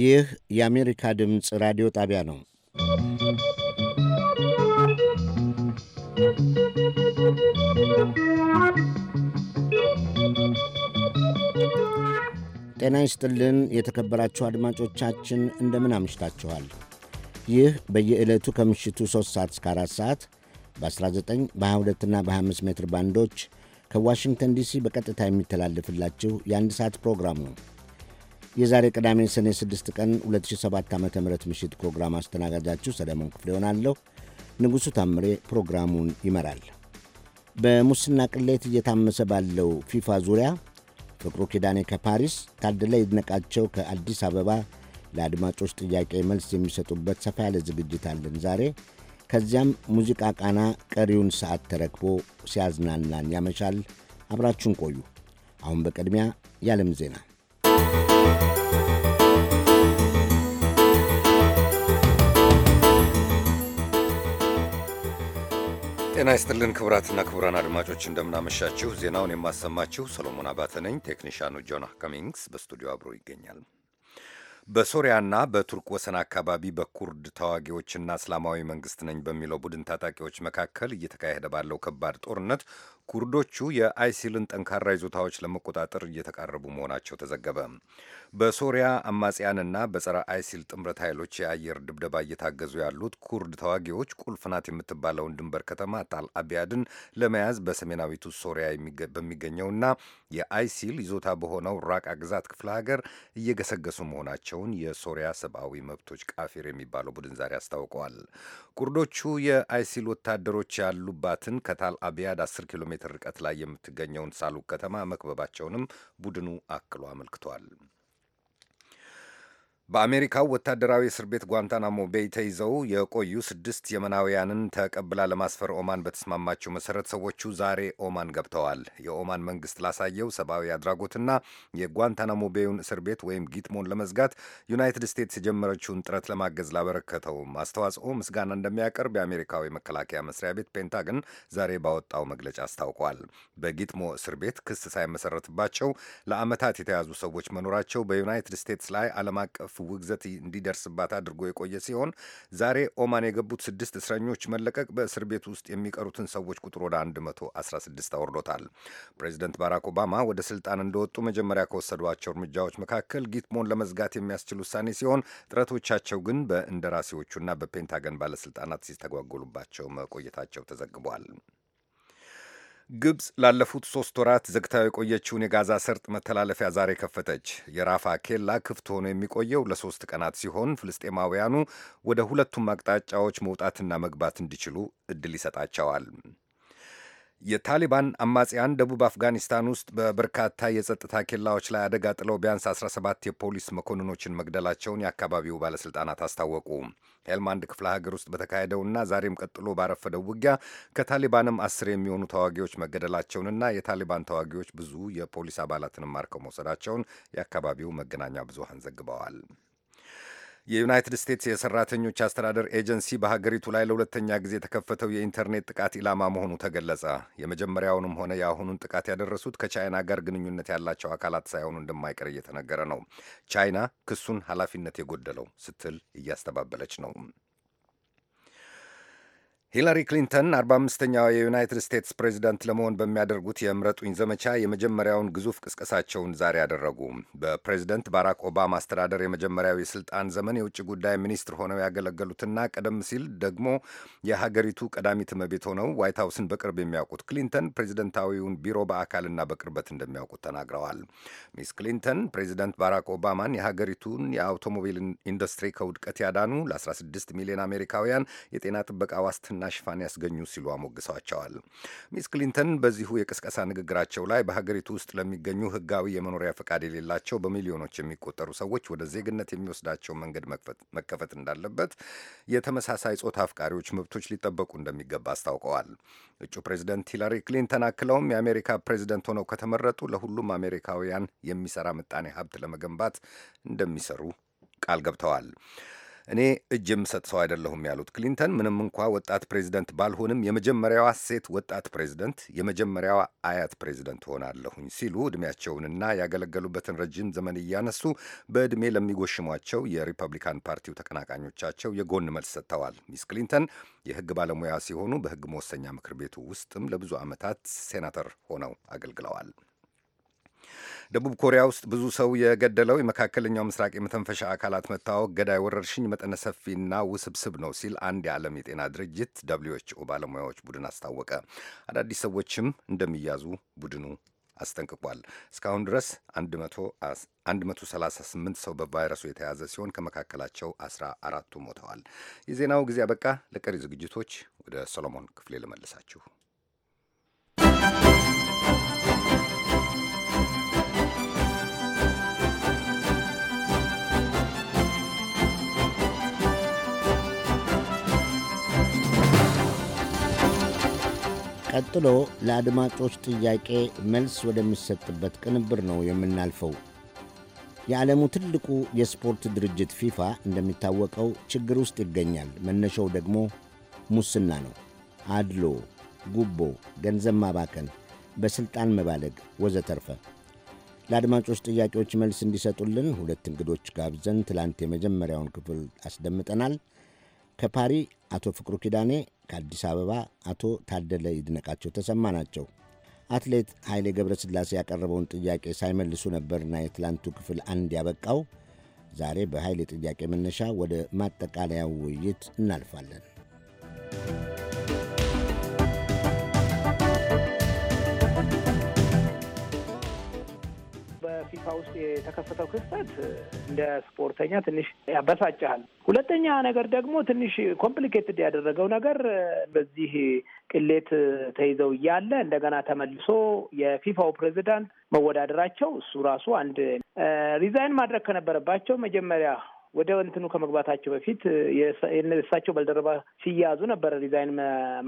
ይህ የአሜሪካ ድምፅ ራዲዮ ጣቢያ ነው። ጤና ይስጥልን የተከበራችሁ አድማጮቻችን እንደምን አምሽታችኋል። ይህ በየዕለቱ ከምሽቱ 3 ሰዓት እስከ 4 ሰዓት በ19 በ22ና በ25 ሜትር ባንዶች ከዋሽንግተን ዲሲ በቀጥታ የሚተላለፍላችሁ የአንድ ሰዓት ፕሮግራም ነው። የዛሬ ቅዳሜ ሰኔ 6 ቀን 2007 ዓ ም ምሽት ፕሮግራም አስተናጋጃችሁ ሰለሞን ክፍሌ ሆናለሁ። ንጉሡ ታምሬ ፕሮግራሙን ይመራል። በሙስና ቅሌት እየታመሰ ባለው ፊፋ ዙሪያ ፍቅሩ ኪዳኔ ከፓሪስ፣ ታደለ ይድነቃቸው ከአዲስ አበባ ለአድማጮች ጥያቄ መልስ የሚሰጡበት ሰፋ ያለ ዝግጅት አለን ዛሬ ከዚያም ሙዚቃ ቃና ቀሪውን ሰዓት ተረክቦ ሲያዝናናን ያመሻል። አብራችሁን ቆዩ። አሁን በቅድሚያ የዓለም ዜና ጤና ይስጥልን ክቡራትና ክቡራን አድማጮች እንደምናመሻችሁ። ዜናውን የማሰማችሁ ሰሎሞን አባተ ነኝ። ቴክኒሻኑ ጆና ካሚንግስ በስቱዲዮ አብሮ ይገኛል። በሶሪያና በቱርክ ወሰን አካባቢ በኩርድ ተዋጊዎችና እስላማዊ መንግስት ነኝ በሚለው ቡድን ታጣቂዎች መካከል እየተካሄደ ባለው ከባድ ጦርነት ኩርዶቹ የአይሲልን ጠንካራ ይዞታዎች ለመቆጣጠር እየተቃረቡ መሆናቸው ተዘገበ። በሶሪያ አማጽያንና በጸረ አይሲል ጥምረት ኃይሎች የአየር ድብደባ እየታገዙ ያሉት ኩርድ ተዋጊዎች ቁልፍናት የምትባለውን ድንበር ከተማ ታል አቢያድን ለመያዝ በሰሜናዊቱ ሶሪያ በሚገኘውና የአይሲል ይዞታ በሆነው ራቃ ግዛት ክፍለ ሀገር እየገሰገሱ መሆናቸውን የሶሪያ ሰብአዊ መብቶች ቃፊር የሚባለው ቡድን ዛሬ አስታውቀዋል። ኩርዶቹ የአይሲል ወታደሮች ያሉባትን ከታል አቢያድ 10 ኪሎ ሜትር ርቀት ላይ የምትገኘውን ሳሉቅ ከተማ መክበባቸውንም ቡድኑ አክሎ አመልክቷል። በአሜሪካው ወታደራዊ እስር ቤት ጓንታናሞ ቤይ ተይዘው የቆዩ ስድስት የመናውያንን ተቀብላ ለማስፈር ኦማን በተስማማችው መሠረት ሰዎቹ ዛሬ ኦማን ገብተዋል። የኦማን መንግስት ላሳየው ሰብአዊ አድራጎትና የጓንታናሞ ቤዩን እስር ቤት ወይም ጊትሞን ለመዝጋት ዩናይትድ ስቴትስ የጀመረችውን ጥረት ለማገዝ ላበረከተውም አስተዋጽኦ ምስጋና እንደሚያቀርብ የአሜሪካው የመከላከያ መስሪያ ቤት ፔንታገን ዛሬ ባወጣው መግለጫ አስታውቋል። በጊትሞ እስር ቤት ክስ ሳይመሰረትባቸው ለዓመታት የተያዙ ሰዎች መኖራቸው በዩናይትድ ስቴትስ ላይ ዓለም አቀፍ ውግዘት እንዲደርስባት አድርጎ የቆየ ሲሆን ዛሬ ኦማን የገቡት ስድስት እስረኞች መለቀቅ በእስር ቤት ውስጥ የሚቀሩትን ሰዎች ቁጥር ወደ 116 አወርዶታል። ፕሬዚደንት ባራክ ኦባማ ወደ ስልጣን እንደወጡ መጀመሪያ ከወሰዷቸው እርምጃዎች መካከል ጊትሞን ለመዝጋት የሚያስችል ውሳኔ ሲሆን ጥረቶቻቸው ግን በእንደራሴዎቹና በፔንታገን ባለስልጣናት ሲስተጓጎሉባቸው መቆየታቸው ተዘግቧል። ግብፅ ላለፉት ሶስት ወራት ዘግታዊ የቆየችውን የጋዛ ሰርጥ መተላለፊያ ዛሬ ከፈተች። የራፋ ኬላ ክፍት ሆኖ የሚቆየው ለሶስት ቀናት ሲሆን ፍልስጤማውያኑ ወደ ሁለቱም አቅጣጫዎች መውጣትና መግባት እንዲችሉ እድል ይሰጣቸዋል። የታሊባን አማጽያን ደቡብ አፍጋኒስታን ውስጥ በበርካታ የጸጥታ ኬላዎች ላይ አደጋ ጥለው ቢያንስ 17 የፖሊስ መኮንኖችን መግደላቸውን የአካባቢው ባለሥልጣናት አስታወቁ። ሄልማንድ ክፍለ ሀገር ውስጥ በተካሄደውና ዛሬም ቀጥሎ ባረፈደው ውጊያ ከታሊባንም አስር የሚሆኑ ተዋጊዎች መገደላቸውንና የታሊባን ተዋጊዎች ብዙ የፖሊስ አባላትንም ማርከው መውሰዳቸውን የአካባቢው መገናኛ ብዙሃን ዘግበዋል። የዩናይትድ ስቴትስ የሰራተኞች አስተዳደር ኤጀንሲ በሀገሪቱ ላይ ለሁለተኛ ጊዜ የተከፈተው የኢንተርኔት ጥቃት ኢላማ መሆኑ ተገለጸ። የመጀመሪያውንም ሆነ የአሁኑን ጥቃት ያደረሱት ከቻይና ጋር ግንኙነት ያላቸው አካላት ሳይሆኑ እንደማይቀር እየተነገረ ነው። ቻይና ክሱን ኃላፊነት የጎደለው ስትል እያስተባበለች ነው። ሂላሪ ክሊንተን አርባ ኛዋ የዩናይትድ ስቴትስ ፕሬዚደንት ለመሆን በሚያደርጉት የምረጡኝ ዘመቻ የመጀመሪያውን ግዙፍ ቅስቀሳቸውን ዛሬ ያደረጉ በፕሬዚደንት ባራክ ኦባማ አስተዳደር የመጀመሪያው የስልጣን ዘመን የውጭ ጉዳይ ሚኒስትር ሆነው ያገለገሉትና ቀደም ሲል ደግሞ የሀገሪቱ ቀዳሚት እመቤት ሆነው ዋይት ሀውስን በቅርብ የሚያውቁት ክሊንተን ፕሬዚደንታዊውን ቢሮ በአካልና በቅርበት እንደሚያውቁት ተናግረዋል። ሚስ ክሊንተን ፕሬዚደንት ባራክ ኦባማን የሀገሪቱን የአውቶሞቢል ኢንዱስትሪ ከውድቀት ያዳኑ ለ16 ሚሊዮን አሜሪካውያን የጤና ጥበቃ ዋስትና ዋና ሽፋን ያስገኙ ሲሉ አሞግሰዋቸዋል። ሚስ ክሊንተን በዚሁ የቅስቀሳ ንግግራቸው ላይ በሀገሪቱ ውስጥ ለሚገኙ ህጋዊ የመኖሪያ ፈቃድ የሌላቸው በሚሊዮኖች የሚቆጠሩ ሰዎች ወደ ዜግነት የሚወስዳቸው መንገድ መከፈት እንዳለበት፣ የተመሳሳይ ጾታ አፍቃሪዎች መብቶች ሊጠበቁ እንደሚገባ አስታውቀዋል። እጩ ፕሬዚደንት ሂላሪ ክሊንተን አክለውም የአሜሪካ ፕሬዚደንት ሆነው ከተመረጡ ለሁሉም አሜሪካውያን የሚሰራ ምጣኔ ሀብት ለመገንባት እንደሚሰሩ ቃል ገብተዋል። እኔ እጅ የምሰጥ ሰው አይደለሁም ያሉት ክሊንተን ምንም እንኳ ወጣት ፕሬዚደንት ባልሆንም የመጀመሪያዋ ሴት ወጣት ፕሬዚደንት፣ የመጀመሪያዋ አያት ፕሬዚደንት ሆናለሁኝ ሲሉ ዕድሜያቸውንና ያገለገሉበትን ረጅም ዘመን እያነሱ በዕድሜ ለሚጎሽሟቸው የሪፐብሊካን ፓርቲው ተቀናቃኞቻቸው የጎን መልስ ሰጥተዋል። ሚስ ክሊንተን የሕግ ባለሙያ ሲሆኑ በሕግ መወሰኛ ምክር ቤቱ ውስጥም ለብዙ ዓመታት ሴናተር ሆነው አገልግለዋል። ደቡብ ኮሪያ ውስጥ ብዙ ሰው የገደለው የመካከለኛው ምስራቅ የመተንፈሻ አካላት መታወክ ገዳይ ወረርሽኝ መጠነ ሰፊና ውስብስብ ነው ሲል አንድ የዓለም የጤና ድርጅት ደብልዩ ኤች ኦ ባለሙያዎች ቡድን አስታወቀ። አዳዲስ ሰዎችም እንደሚያዙ ቡድኑ አስጠንቅቋል። እስካሁን ድረስ 138 ሰው በቫይረሱ የተያዘ ሲሆን ከመካከላቸው 14ቱ ሞተዋል። የዜናው ጊዜ አበቃ። ለቀሪ ዝግጅቶች ወደ ሰሎሞን ክፍሌ ልመልሳችሁ። ቀጥሎ ለአድማጮች ጥያቄ መልስ ወደሚሰጥበት ቅንብር ነው የምናልፈው። የዓለሙ ትልቁ የስፖርት ድርጅት ፊፋ እንደሚታወቀው ችግር ውስጥ ይገኛል። መነሻው ደግሞ ሙስና ነው። አድሎ፣ ጉቦ፣ ገንዘብ ማባከን፣ በሥልጣን መባለግ ወዘተርፈ። ለአድማጮች ጥያቄዎች መልስ እንዲሰጡልን ሁለት እንግዶች ጋብዘን ትላንት የመጀመሪያውን ክፍል አስደምጠናል። ከፓሪ አቶ ፍቅሩ ኪዳኔ ከአዲስ አበባ አቶ ታደለ ይድነቃቸው ተሰማ ናቸው። አትሌት ኃይሌ ሥላሴ ያቀረበውን ጥያቄ ሳይመልሱ ነበርና የትላንቱ ክፍል አንድ ያበቃው። ዛሬ በኃይሌ ጥያቄ መነሻ ወደ ማጠቃለያ ውይይት እናልፋለን። ፊፋ ውስጥ የተከፈተው ክስተት እንደ ስፖርተኛ ትንሽ ያበሳጫል። ሁለተኛ ነገር ደግሞ ትንሽ ኮምፕሊኬትድ ያደረገው ነገር በዚህ ቅሌት ተይዘው እያለ እንደገና ተመልሶ የፊፋው ፕሬዚዳንት መወዳደራቸው እሱ ራሱ አንድ ሪዛይን ማድረግ ከነበረባቸው መጀመሪያ ወደ እንትኑ ከመግባታቸው በፊት የእሳቸው ባልደረባ ሲያዙ ነበረ ዲዛይን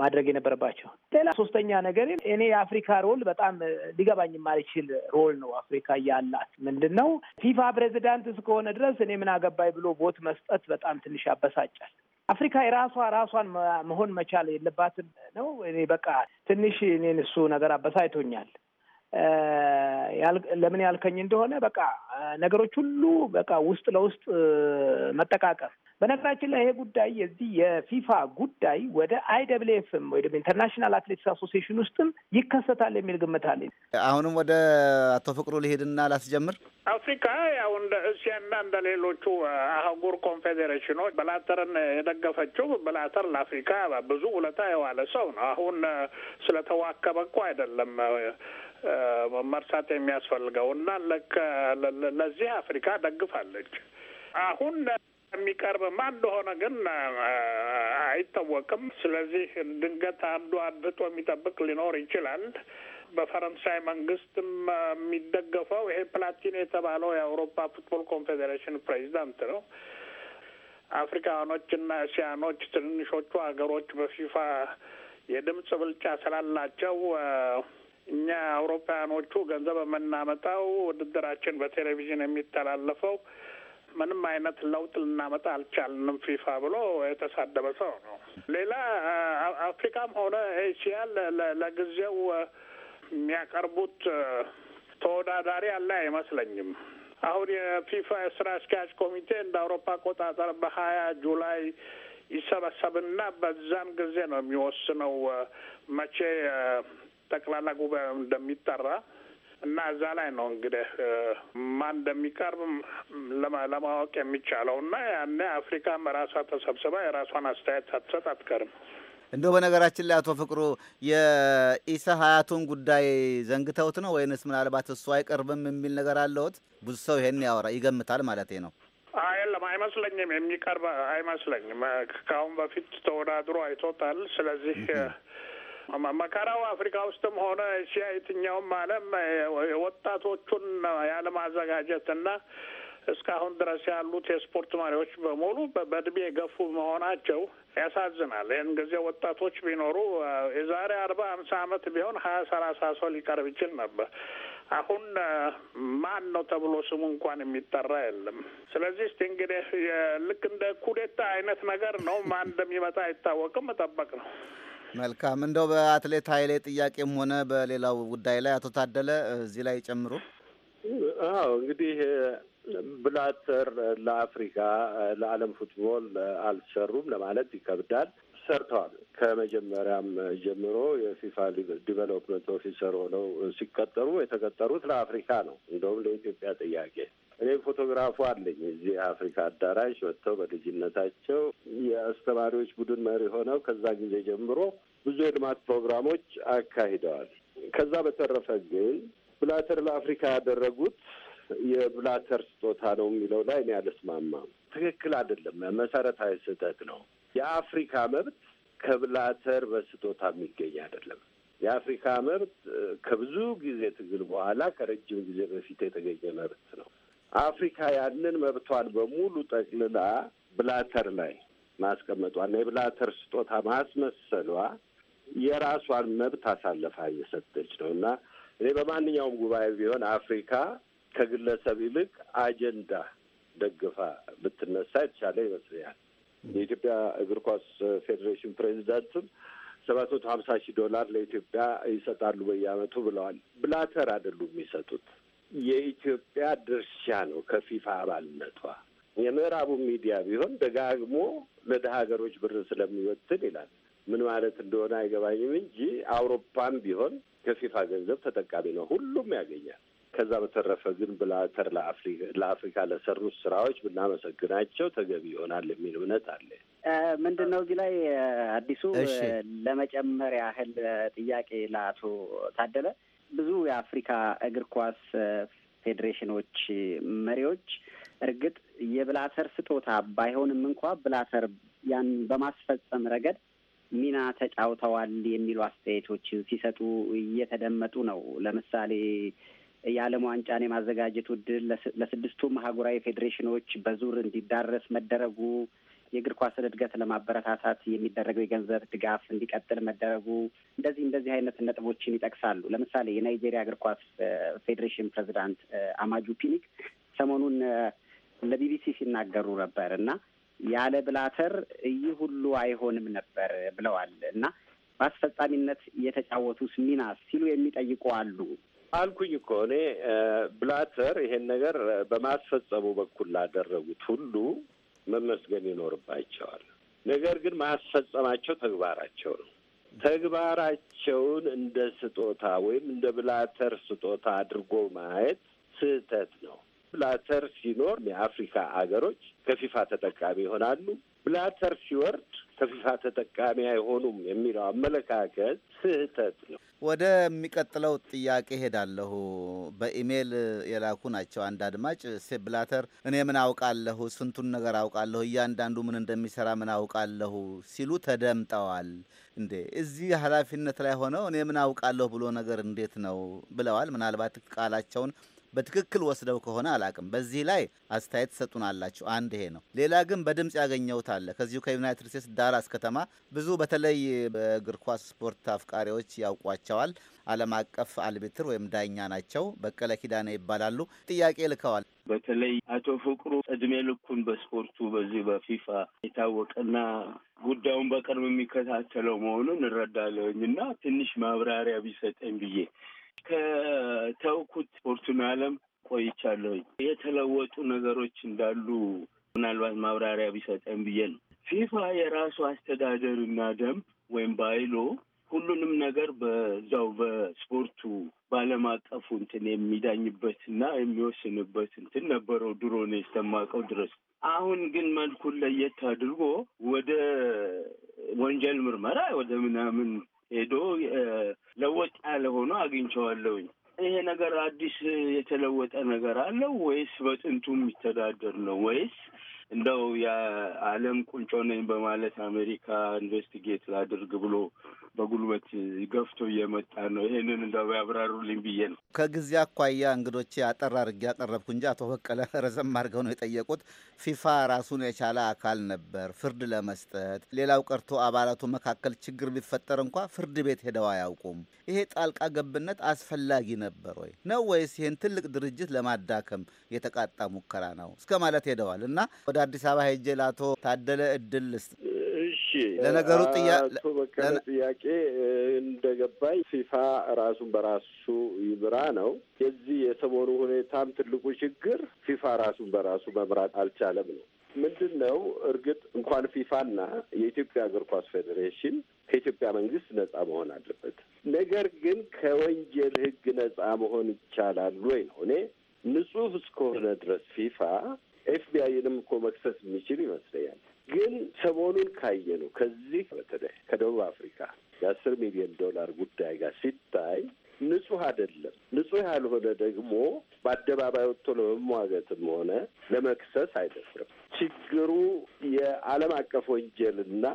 ማድረግ የነበረባቸው። ሌላ ሶስተኛ ነገር እኔ የአፍሪካ ሮል በጣም ሊገባኝ የማልችል ሮል ነው አፍሪካ ያላት ምንድን ነው። ፊፋ ፕሬዚዳንት እስከሆነ ድረስ እኔ ምን አገባኝ ብሎ ቦት መስጠት በጣም ትንሽ ያበሳጫል። አፍሪካ የራሷ ራሷን መሆን መቻል የለባትም ነው። እኔ በቃ ትንሽ እኔን እሱ ነገር አበሳጭቶኛል። ለምን ያልከኝ እንደሆነ በቃ ነገሮች ሁሉ በቃ ውስጥ ለውስጥ መጠቃቀፍ። በነገራችን ላይ ይሄ ጉዳይ የዚህ የፊፋ ጉዳይ ወደ አይ ደብል ኤፍም ወይ ደግሞ ኢንተርናሽናል አትሌቲክስ አሶሲሽን ውስጥም ይከሰታል የሚል ግምት አለኝ። አሁንም ወደ አቶ ፍቅሩ ልሄድና ላስጀምር። አፍሪካ ያው እንደ እስያና እንደ ሌሎቹ አህጉር ኮንፌዴሬሽኖች ብላተርን የደገፈችው ብላተር ለአፍሪካ ብዙ ውለታ የዋለ ሰው ነው። አሁን ስለተዋከበ እኮ አይደለም መርሳት የሚያስፈልገው እና ለዚህ አፍሪካ ደግፋለች። አሁን የሚቀርብ ማን እንደሆነ ግን አይታወቅም። ስለዚህ ድንገት አንዱ አድብጦ የሚጠብቅ ሊኖር ይችላል። በፈረንሳይ መንግስትም የሚደገፈው ይሄ ፕላቲን የተባለው የአውሮፓ ፉትቦል ኮንፌዴሬሽን ፕሬዚዳንት ነው። አፍሪካኖች እስያኖች ትንንሾቹ ሀገሮች በፊፋ የድምፅ ብልጫ ስላላቸው እኛ አውሮፓያኖቹ ገንዘብ የምናመጣው ውድድራችን በቴሌቪዥን የሚተላለፈው ምንም አይነት ለውጥ ልናመጣ አልቻልንም ፊፋ ብሎ የተሳደበ ሰው ነው። ሌላ አፍሪካም ሆነ ኤሽያ ለጊዜው የሚያቀርቡት ተወዳዳሪ አለ አይመስለኝም። አሁን የፊፋ የስራ አስኪያጅ ኮሚቴ እንደ አውሮፓ አቆጣጠር በሀያ ጁላይ ይሰበሰብና በዛን ጊዜ ነው የሚወስነው መቼ ጠቅላላ ጉባኤ እንደሚጠራ እና እዛ ላይ ነው እንግዲህ ማን እንደሚቀርብ ለማወቅ የሚቻለው እና ያኔ አፍሪካም ራሷ ተሰብስባ የራሷን አስተያየት ሳትሰጥ አትቀርም። እንዲሁ በነገራችን ላይ አቶ ፍቅሩ የኢሳ ሀያቱን ጉዳይ ዘንግተውት ነው ወይንስ ምናልባት እሱ አይቀርብም የሚል ነገር አለውት? ብዙ ሰው ይሄን ያወራ ይገምታል ማለት ነው። የለም አይመስለኝም፣ የሚቀርብ አይመስለኝም። ከአሁን በፊት ተወዳድሮ አይቶታል። ስለዚህ መከራው አፍሪካ ውስጥም ሆነ እስያ የትኛውም ዓለም ወጣቶቹን ያለማዘጋጀትና እስካሁን ድረስ ያሉት የስፖርት መሪዎች በሙሉ በእድሜ የገፉ መሆናቸው ያሳዝናል። ይህን ጊዜ ወጣቶች ቢኖሩ የዛሬ አርባ አምሳ ዓመት ቢሆን ሀያ ሰላሳ ሰው ሊቀርብ ይችል ነበር። አሁን ማን ነው ተብሎ ስሙ እንኳን የሚጠራ የለም። ስለዚህ እስቲ እንግዲህ ልክ እንደ ኩዴታ አይነት ነገር ነው። ማን እንደሚመጣ አይታወቅም። መጠበቅ ነው። መልካም እንደው በአትሌት ኃይሌ ጥያቄም ሆነ በሌላው ጉዳይ ላይ አቶ ታደለ እዚህ ላይ ጨምሩ። አዎ እንግዲህ ብላተር ለአፍሪካ ለዓለም ፉትቦል አልሰሩም ለማለት ይከብዳል። ሰርተዋል። ከመጀመሪያም ጀምሮ የፊፋ ዲቨሎፕመንት ኦፊሰር ሆነው ሲቀጠሩ የተቀጠሩት ለአፍሪካ ነው። እንደውም ለኢትዮጵያ ጥያቄ እኔ ፎቶግራፉ አለኝ እዚህ አፍሪካ አዳራሽ ወጥተው በልጅነታቸው የአስተማሪዎች ቡድን መሪ ሆነው ከዛ ጊዜ ጀምሮ ብዙ የልማት ፕሮግራሞች አካሂደዋል። ከዛ በተረፈ ግን ብላተር ለአፍሪካ ያደረጉት የብላተር ስጦታ ነው የሚለው ላይ እኔ አልስማማም። ትክክል አይደለም፣ መሰረታዊ ስህተት ነው። የአፍሪካ መብት ከብላተር በስጦታ የሚገኝ አይደለም። የአፍሪካ መብት ከብዙ ጊዜ ትግል በኋላ ከረጅም ጊዜ በፊት የተገኘ መብት ነው። አፍሪካ ያንን መብቷን በሙሉ ጠቅልላ ብላተር ላይ ማስቀመጧና የብላተር ስጦታ ማስመሰሏ የራሷን መብት አሳልፋ እየሰጠች ነው እና እኔ በማንኛውም ጉባኤ ቢሆን አፍሪካ ከግለሰብ ይልቅ አጀንዳ ደግፋ ብትነሳ የተሻለ ይመስለኛል። የኢትዮጵያ እግር ኳስ ፌዴሬሽን ፕሬዚዳንትም ሰባት መቶ ሀምሳ ሺህ ዶላር ለኢትዮጵያ ይሰጣሉ በየአመቱ ብለዋል። ብላተር አይደሉም የሚሰጡት የኢትዮጵያ ድርሻ ነው ከፊፋ አባልነቷ። የምዕራቡ ሚዲያ ቢሆን ደጋግሞ ለድሀ ሀገሮች ብር ስለሚወትን ይላል። ምን ማለት እንደሆነ አይገባኝም እንጂ አውሮፓም ቢሆን ከፊፋ ገንዘብ ተጠቃሚ ነው፣ ሁሉም ያገኛል። ከዛ በተረፈ ግን ብላተር ለአፍሪካ ለሰሩት ስራዎች ብናመሰግናቸው ተገቢ ይሆናል የሚል እምነት አለ። ምንድን ነው እዚህ ላይ አዲሱ ለመጨመር ያህል ጥያቄ ለአቶ ታደለ ብዙ የአፍሪካ እግር ኳስ ፌዴሬሽኖች መሪዎች እርግጥ የብላተር ስጦታ ባይሆንም እንኳ ብላተር ያን በማስፈጸም ረገድ ሚና ተጫውተዋል የሚሉ አስተያየቶችን ሲሰጡ እየተደመጡ ነው። ለምሳሌ የዓለም ዋንጫን የማዘጋጀት ውድል ለስድስቱ አህጉራዊ ፌዴሬሽኖች በዙር እንዲዳረስ መደረጉ የእግር ኳስን እድገት ለማበረታታት የሚደረገው የገንዘብ ድጋፍ እንዲቀጥል መደረጉ እንደዚህ እንደዚህ አይነት ነጥቦችን ይጠቅሳሉ። ለምሳሌ የናይጄሪያ እግር ኳስ ፌዴሬሽን ፕሬዚዳንት አማጁ ፒኒክ ሰሞኑን ለቢቢሲ ሲናገሩ ነበር እና ያለ ብላተር ይህ ሁሉ አይሆንም ነበር ብለዋል እና በአስፈጻሚነት የተጫወቱስ ሚና ሲሉ የሚጠይቁ አሉ። አልኩኝ እኮ እኔ ብላተር ይሄን ነገር በማስፈጸሙ በኩል ላደረጉት ሁሉ መመስገን ይኖርባቸዋል። ነገር ግን ማስፈጸማቸው ተግባራቸው ነው። ተግባራቸውን እንደ ስጦታ ወይም እንደ ብላተር ስጦታ አድርጎ ማየት ስህተት ነው። ብላተር ሲኖር የአፍሪካ አገሮች ከፊፋ ተጠቃሚ ይሆናሉ። ብላተር ሲወርድ ከፊፋ ተጠቃሚ አይሆኑም የሚለው አመለካከት ስህተት ነው። ወደሚቀጥለው ጥያቄ ሄዳለሁ። በኢሜይል የላኩ ናቸው። አንድ አድማጭ ሴፕ ብላተር እኔ ምን አውቃለሁ፣ ስንቱን ነገር አውቃለሁ፣ እያንዳንዱ ምን እንደሚሰራ ምን አውቃለሁ ሲሉ ተደምጠዋል። እንዴ እዚህ ኃላፊነት ላይ ሆነው እኔ ምን አውቃለሁ ብሎ ነገር እንዴት ነው ብለዋል። ምናልባት ቃላቸውን በትክክል ወስደው ከሆነ አላቅም። በዚህ ላይ አስተያየት ትሰጡናላችሁ። አንድ ይሄ ነው። ሌላ ግን በድምፅ ያገኘሁት አለ። ከዚሁ ከዩናይትድ ስቴትስ ዳላስ ከተማ ብዙ በተለይ በእግር ኳስ ስፖርት አፍቃሪዎች ያውቋቸዋል። ዓለም አቀፍ አልቢትር ወይም ዳኛ ናቸው። በቀለ ኪዳና ይባላሉ። ጥያቄ ልከዋል። በተለይ አቶ ፍቅሩ እድሜ ልኩን በስፖርቱ በዚህ በፊፋ የታወቀና ጉዳዩን በቅርብ የሚከታተለው መሆኑን እረዳለሁኝ እና ትንሽ ማብራሪያ ቢሰጠኝ ብዬ ከተውኩት ስፖርቱን ዓለም ቆይቻለሁኝ። የተለወጡ ነገሮች እንዳሉ ምናልባት ማብራሪያ ቢሰጠን ብዬ ነው። ፊፋ የራሱ አስተዳደርና ደንብ ወይም ባይሎ ሁሉንም ነገር በዛው በስፖርቱ በዓለም አቀፉ እንትን የሚዳኝበት እና የሚወስንበት እንትን ነበረው ድሮ ነው የስተማቀው ድረስ። አሁን ግን መልኩን ለየት አድርጎ ወደ ወንጀል ምርመራ ወደ ምናምን ሄዶ ለወጥ ያለ ሆኖ አግኝቼዋለሁኝ። ይሄ ነገር አዲስ የተለወጠ ነገር አለው ወይስ በጥንቱ የሚተዳደር ነው ወይስ እንደው የዓለም ቁንጮ ነኝ በማለት አሜሪካ ኢንቨስቲጌት ላድርግ ብሎ በጉልበት ገፍቶ እየመጣ ነው። ይህንን እንደው ያብራሩልኝ ብዬ ነው። ከጊዜ አኳያ እንግዶቼ አጠር አድርጌ ያቀረብኩ እንጂ አቶ በቀለ ረዘም አድርገው ነው የጠየቁት። ፊፋ ራሱን የቻለ አካል ነበር ፍርድ ለመስጠት። ሌላው ቀርቶ አባላቱ መካከል ችግር ቢፈጠር እንኳ ፍርድ ቤት ሄደው አያውቁም። ይሄ ጣልቃ ገብነት አስፈላጊ ነበር ወይ ነው ወይስ ይህን ትልቅ ድርጅት ለማዳከም የተቃጣ ሙከራ ነው እስከ ማለት ሄደዋል እና ወደ አዲስ አበባ ሄጄ ለአቶ ታደለ እድል እሺ ለነገሩ በቀለ ጥያቄ እንደገባኝ ፊፋ ራሱን በራሱ ይምራ ነው። የዚህ የሰሞኑ ሁኔታም ትልቁ ችግር ፊፋ ራሱን በራሱ መምራት አልቻለም ነው። ምንድን ነው እርግጥ እንኳን ፊፋና የኢትዮጵያ እግር ኳስ ፌዴሬሽን ከኢትዮጵያ መንግስት ነጻ መሆን አለበት። ነገር ግን ከወንጀል ህግ ነጻ መሆን ይቻላል ወይ ነው። እኔ ንጹህ እስከሆነ ድረስ ፊፋ ኤፍቢአይንም እኮ መክሰስ የሚችል ይመስለኛል። ግን ሰሞኑን ካየ ነው ከዚህ በተለይ ከደቡብ አፍሪካ የአስር ሚሊዮን ዶላር ጉዳይ ጋር ሲታይ ንጹህ አይደለም። ንጹህ ያልሆነ ደግሞ በአደባባይ ወጥቶ ለመሟገትም ሆነ ለመክሰስ አይደፍርም። ችግሩ የዓለም አቀፍ ወንጀልና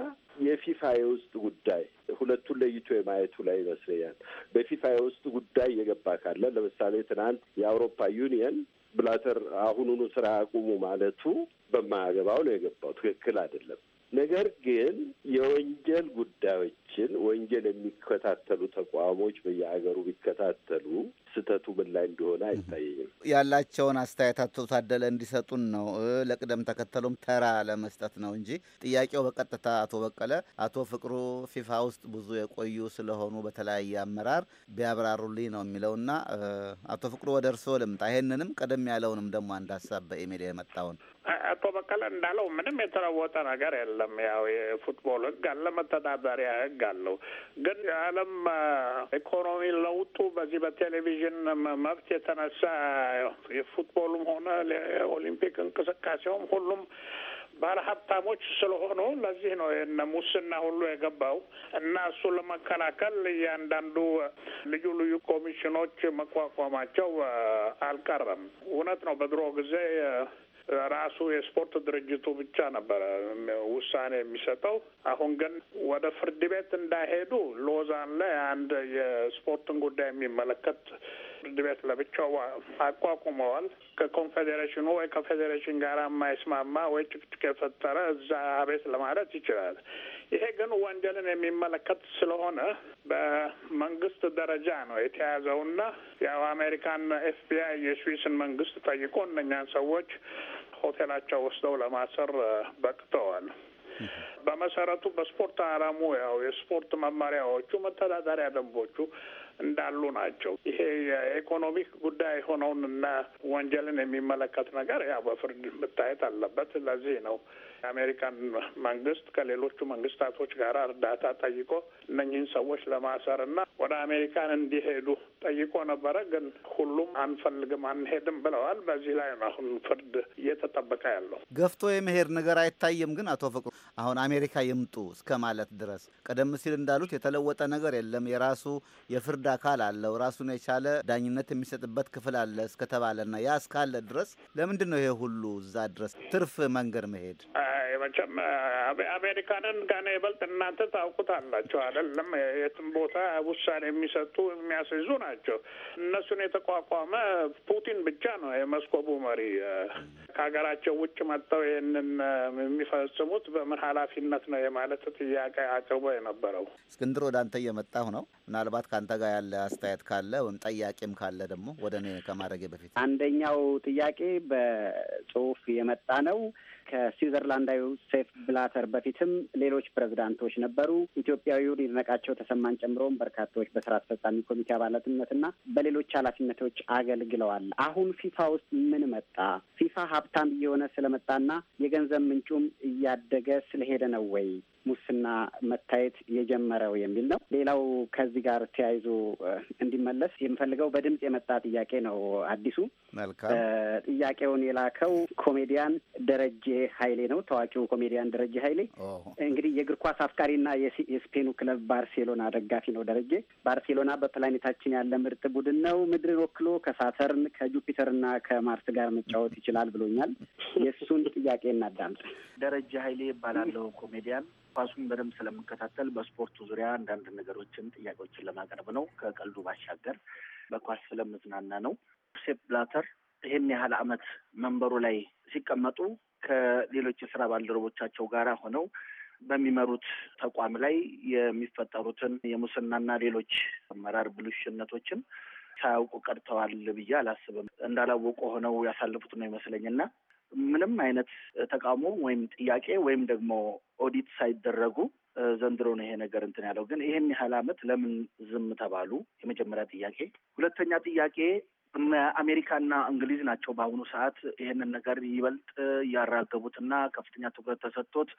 የፊፋ የውስጥ ጉዳይ ሁለቱን ለይቶ የማየቱ ላይ ይመስለኛል። በፊፋ የውስጥ ጉዳይ እየገባ ካለ ለምሳሌ ትናንት የአውሮፓ ዩኒየን ብላተር አሁኑኑ ስራ አቁሙ ማለቱ በማያገባው ነው የገባው። ትክክል አይደለም። ነገር ግን የወንጀል ጉዳዮች ተቋሞችን ወንጀል የሚከታተሉ ተቋሞች በየሀገሩ ቢከታተሉ ስህተቱ ምን ላይ እንደሆነ አይታየኝም። ያላቸውን አስተያየት አቶ ታደለ እንዲሰጡን ነው። ለቅደም ተከተሉም ተራ ለመስጠት ነው እንጂ ጥያቄው በቀጥታ አቶ በቀለ፣ አቶ ፍቅሩ ፊፋ ውስጥ ብዙ የቆዩ ስለሆኑ በተለያየ አመራር ቢያብራሩልኝ ነው የሚለውና አቶ ፍቅሩ ወደ እርስዎ ልምጣ። ይሄንንም ቀደም ያለውንም ደግሞ አንዳሳብ ሀሳብ በኢሜል የመጣውን አቶ በቀለ እንዳለው ምንም የተለወጠ ነገር የለም። ያው የፉትቦል ህግ አለ፣ መተዳደሪያ ህግ አደርጋለሁ። ግን የዓለም ኢኮኖሚ ለውጡ በዚህ በቴሌቪዥን መብት የተነሳ የፉትቦሉም ሆነ የኦሊምፒክ እንቅስቃሴውም ሁሉም ባለ ሀብታሞች ስለሆኑ ለዚህ ነው የነ ሙስና ሁሉ የገባው እና እሱ ለመከላከል እያንዳንዱ ልዩ ልዩ ኮሚሽኖች መቋቋማቸው አልቀረም። እውነት ነው። በድሮ ጊዜ ራሱ የስፖርት ድርጅቱ ብቻ ነበረ ውሳኔ የሚሰጠው። አሁን ግን ወደ ፍርድ ቤት እንዳይሄዱ ሎዛን ላይ አንድ የስፖርትን ጉዳይ የሚመለከት ፍርድ ቤት ለብቻው አቋቁመዋል። ከኮንፌዴሬሽኑ ወይ ከፌዴሬሽን ጋር የማይስማማ ወይ ጭቅጭቅ የፈጠረ እዛ አቤት ለማለት ይችላል። ይሄ ግን ወንጀልን የሚመለከት ስለሆነ በመንግስት ደረጃ ነው የተያዘውና ያው አሜሪካን ኤፍቢአይ የስዊስን መንግስት ጠይቆ እነኛን ሰዎች ሆቴላቸው ወስደው ለማሰር በቅተዋል። በመሰረቱ በስፖርት አላሙ ያው የስፖርት መመሪያዎቹ፣ መተዳደሪያ ደንቦቹ እንዳሉ ናቸው። ይሄ የኢኮኖሚክ ጉዳይ የሆነውን እና ወንጀልን የሚመለከት ነገር ያው በፍርድ መታየት አለበት። ለዚህ ነው የአሜሪካን መንግስት ከሌሎቹ መንግስታቶች ጋር እርዳታ ጠይቆ እነኝህን ሰዎች ለማሰር እና ወደ አሜሪካን እንዲሄዱ ጠይቆ ነበረ። ግን ሁሉም አንፈልግም፣ አንሄድም ብለዋል። በዚህ ላይ ነው አሁን ፍርድ እየተጠበቀ ያለው። ገፍቶ የመሄድ ነገር አይታይም። ግን አቶ ፍቅሩ አሁን አሜሪካ ይምጡ እስከ ማለት ድረስ ቀደም ሲል እንዳሉት የተለወጠ ነገር የለም። የራሱ የፍርድ አካል አለው፣ ራሱን የቻለ ዳኝነት የሚሰጥበት ክፍል አለ እስከተባለና ያ እስካለ ድረስ ለምንድን ነው ይሄ ሁሉ እዛ ድረስ ትርፍ መንገድ መሄድ? መቼም አሜሪካንን ጋና ይበልጥ እናንተ ታውቁታላችሁ አይደለም? የትም ቦታ ውሳኔ የሚሰጡ የሚያስይዙ ናቸው። ናቸው። እነሱን የተቋቋመ ፑቲን ብቻ ነው የመስኮቡ መሪ። ከሀገራቸው ውጭ መጥተው ይህንን የሚፈጽሙት በምን ኃላፊነት ነው የማለት ጥያቄ አቅርቦ የነበረው እስክንድር፣ ወደ አንተ እየመጣሁ ነው። ምናልባት ከአንተ ጋር ያለ አስተያየት ካለ ወይም ጠያቄም ካለ ደግሞ ወደ እኔ ከማድረጌ በፊት አንደኛው ጥያቄ በጽሁፍ የመጣ ነው። ከስዊዘርላንዳዊ ሴፍ ብላተር በፊትም ሌሎች ፕሬዝዳንቶች ነበሩ። ኢትዮጵያዊውን ሊድነቃቸው ተሰማን ጨምሮም በርካታዎች በስራ አስፈጻሚ ኮሚቴ አባላትነትና በሌሎች ኃላፊነቶች አገልግለዋል። አሁን ፊፋ ውስጥ ምን መጣ? ፊፋ ሀብታም እየሆነ ስለመጣና የገንዘብ ምንጩም እያደገ ስለሄደ ነው ወይ? ሙስና መታየት የጀመረው የሚል ነው። ሌላው ከዚህ ጋር ተያይዞ እንዲመለስ የምፈልገው በድምጽ የመጣ ጥያቄ ነው። አዲሱ ጥያቄውን የላከው ኮሜዲያን ደረጀ ኃይሌ ነው። ታዋቂው ኮሜዲያን ደረጀ ኃይሌ እንግዲህ የእግር ኳስ አፍቃሪና የስፔኑ ክለብ ባርሴሎና ደጋፊ ነው። ደረጀ ባርሴሎና በፕላኔታችን ያለ ምርጥ ቡድን ነው። ምድርን ወክሎ ከሳተርን ከጁፒተርና ከማርስ ጋር መጫወት ይችላል ብሎኛል። የእሱን ጥያቄ እናዳምጥ። ደረጀ ኃይሌ ይባላለው ኮሜዲያን ኳሱን በደንብ ስለምከታተል በስፖርቱ ዙሪያ አንዳንድ ነገሮችን፣ ጥያቄዎችን ለማቅረብ ነው። ከቀልዱ ባሻገር በኳስ ስለምዝናና ነው። ሴፕ ብላተር ይህን ያህል አመት መንበሩ ላይ ሲቀመጡ ከሌሎች የስራ ባልደረቦቻቸው ጋር ሆነው በሚመሩት ተቋም ላይ የሚፈጠሩትን የሙስናና ሌሎች አመራር ብልሽነቶችን ሳያውቁ ቀርተዋል ብዬ አላስብም። እንዳላወቁ ሆነው ያሳለፉት ነው ይመስለኝና ምንም አይነት ተቃውሞ ወይም ጥያቄ ወይም ደግሞ ኦዲት ሳይደረጉ ዘንድሮ ነው ይሄ ነገር እንትን ያለው። ግን ይህን ያህል አመት ለምን ዝም ተባሉ? የመጀመሪያ ጥያቄ። ሁለተኛ ጥያቄ አሜሪካና እንግሊዝ ናቸው በአሁኑ ሰዓት ይህንን ነገር ይበልጥ እያራገቡትና ከፍተኛ ትኩረት ተሰጥቶት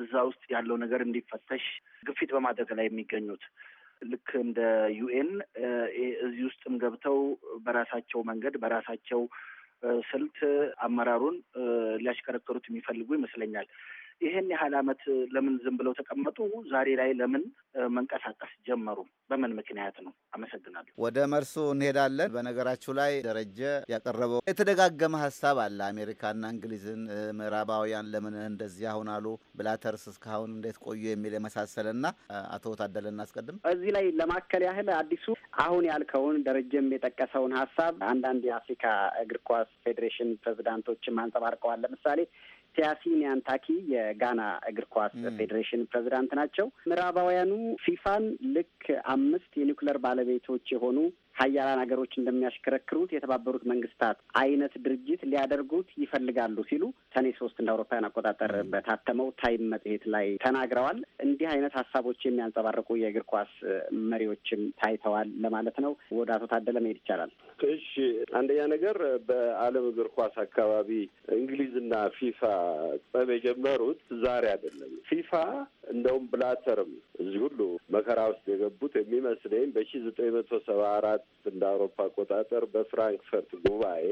እዛ ውስጥ ያለው ነገር እንዲፈተሽ ግፊት በማድረግ ላይ የሚገኙት ልክ እንደ ዩኤን እዚህ ውስጥም ገብተው በራሳቸው መንገድ በራሳቸው ስልት አመራሩን ሊያሽከረከሩት የሚፈልጉ ይመስለኛል። ይህን ያህል ዓመት ለምን ዝም ብለው ተቀመጡ? ዛሬ ላይ ለምን መንቀሳቀስ ጀመሩ? በምን ምክንያት ነው? አመሰግናለሁ። ወደ መርሱ እንሄዳለን። በነገራችሁ ላይ ደረጀ ያቀረበው የተደጋገመ ሀሳብ አለ። አሜሪካና እንግሊዝን ምዕራባውያን ለምን እንደዚህ አሁን አሉ፣ ብላተርስ እስካሁን እንዴት ቆዩ የሚል የመሳሰለና አቶ ታደለ እናስቀድም። እዚህ ላይ ለማከል ያህል አዲሱ አሁን ያልከውን ደረጀም የጠቀሰውን ሀሳብ አንዳንድ የአፍሪካ እግር ኳስ ፌዴሬሽን ፕሬዚዳንቶችም አንጸባርቀዋል። ለምሳሌ ሲያሲ ኒያንታኪ የጋና እግር ኳስ ፌዴሬሽን ፕሬዚዳንት ናቸው። ምዕራባውያኑ ፊፋን ልክ አምስት የኒውክለር ባለቤቶች የሆኑ ሀያላን ሀገሮች እንደሚያሽከረክሩት የተባበሩት መንግስታት አይነት ድርጅት ሊያደርጉት ይፈልጋሉ ሲሉ ሰኔ ሶስት እንደ አውሮፓውያን አቆጣጠር በታተመው ታይም መጽሔት ላይ ተናግረዋል። እንዲህ አይነት ሀሳቦች የሚያንጸባርቁ የእግር ኳስ መሪዎችም ታይተዋል ለማለት ነው። ወደ አቶ ታደለ መሄድ ይቻላል። እሺ፣ አንደኛ ነገር በዓለም እግር ኳስ አካባቢ እንግሊዝና ፊፋ ጠብ የጀመሩት ዛሬ አይደለም። ፊፋ እንደውም ብላተርም እዚህ ሁሉ መከራ ውስጥ የገቡት የሚመስለኝ በሺ ዘጠኝ መቶ ሰባ አራት እንደ አውሮፓ አቆጣጠር በፍራንክፈርት ጉባኤ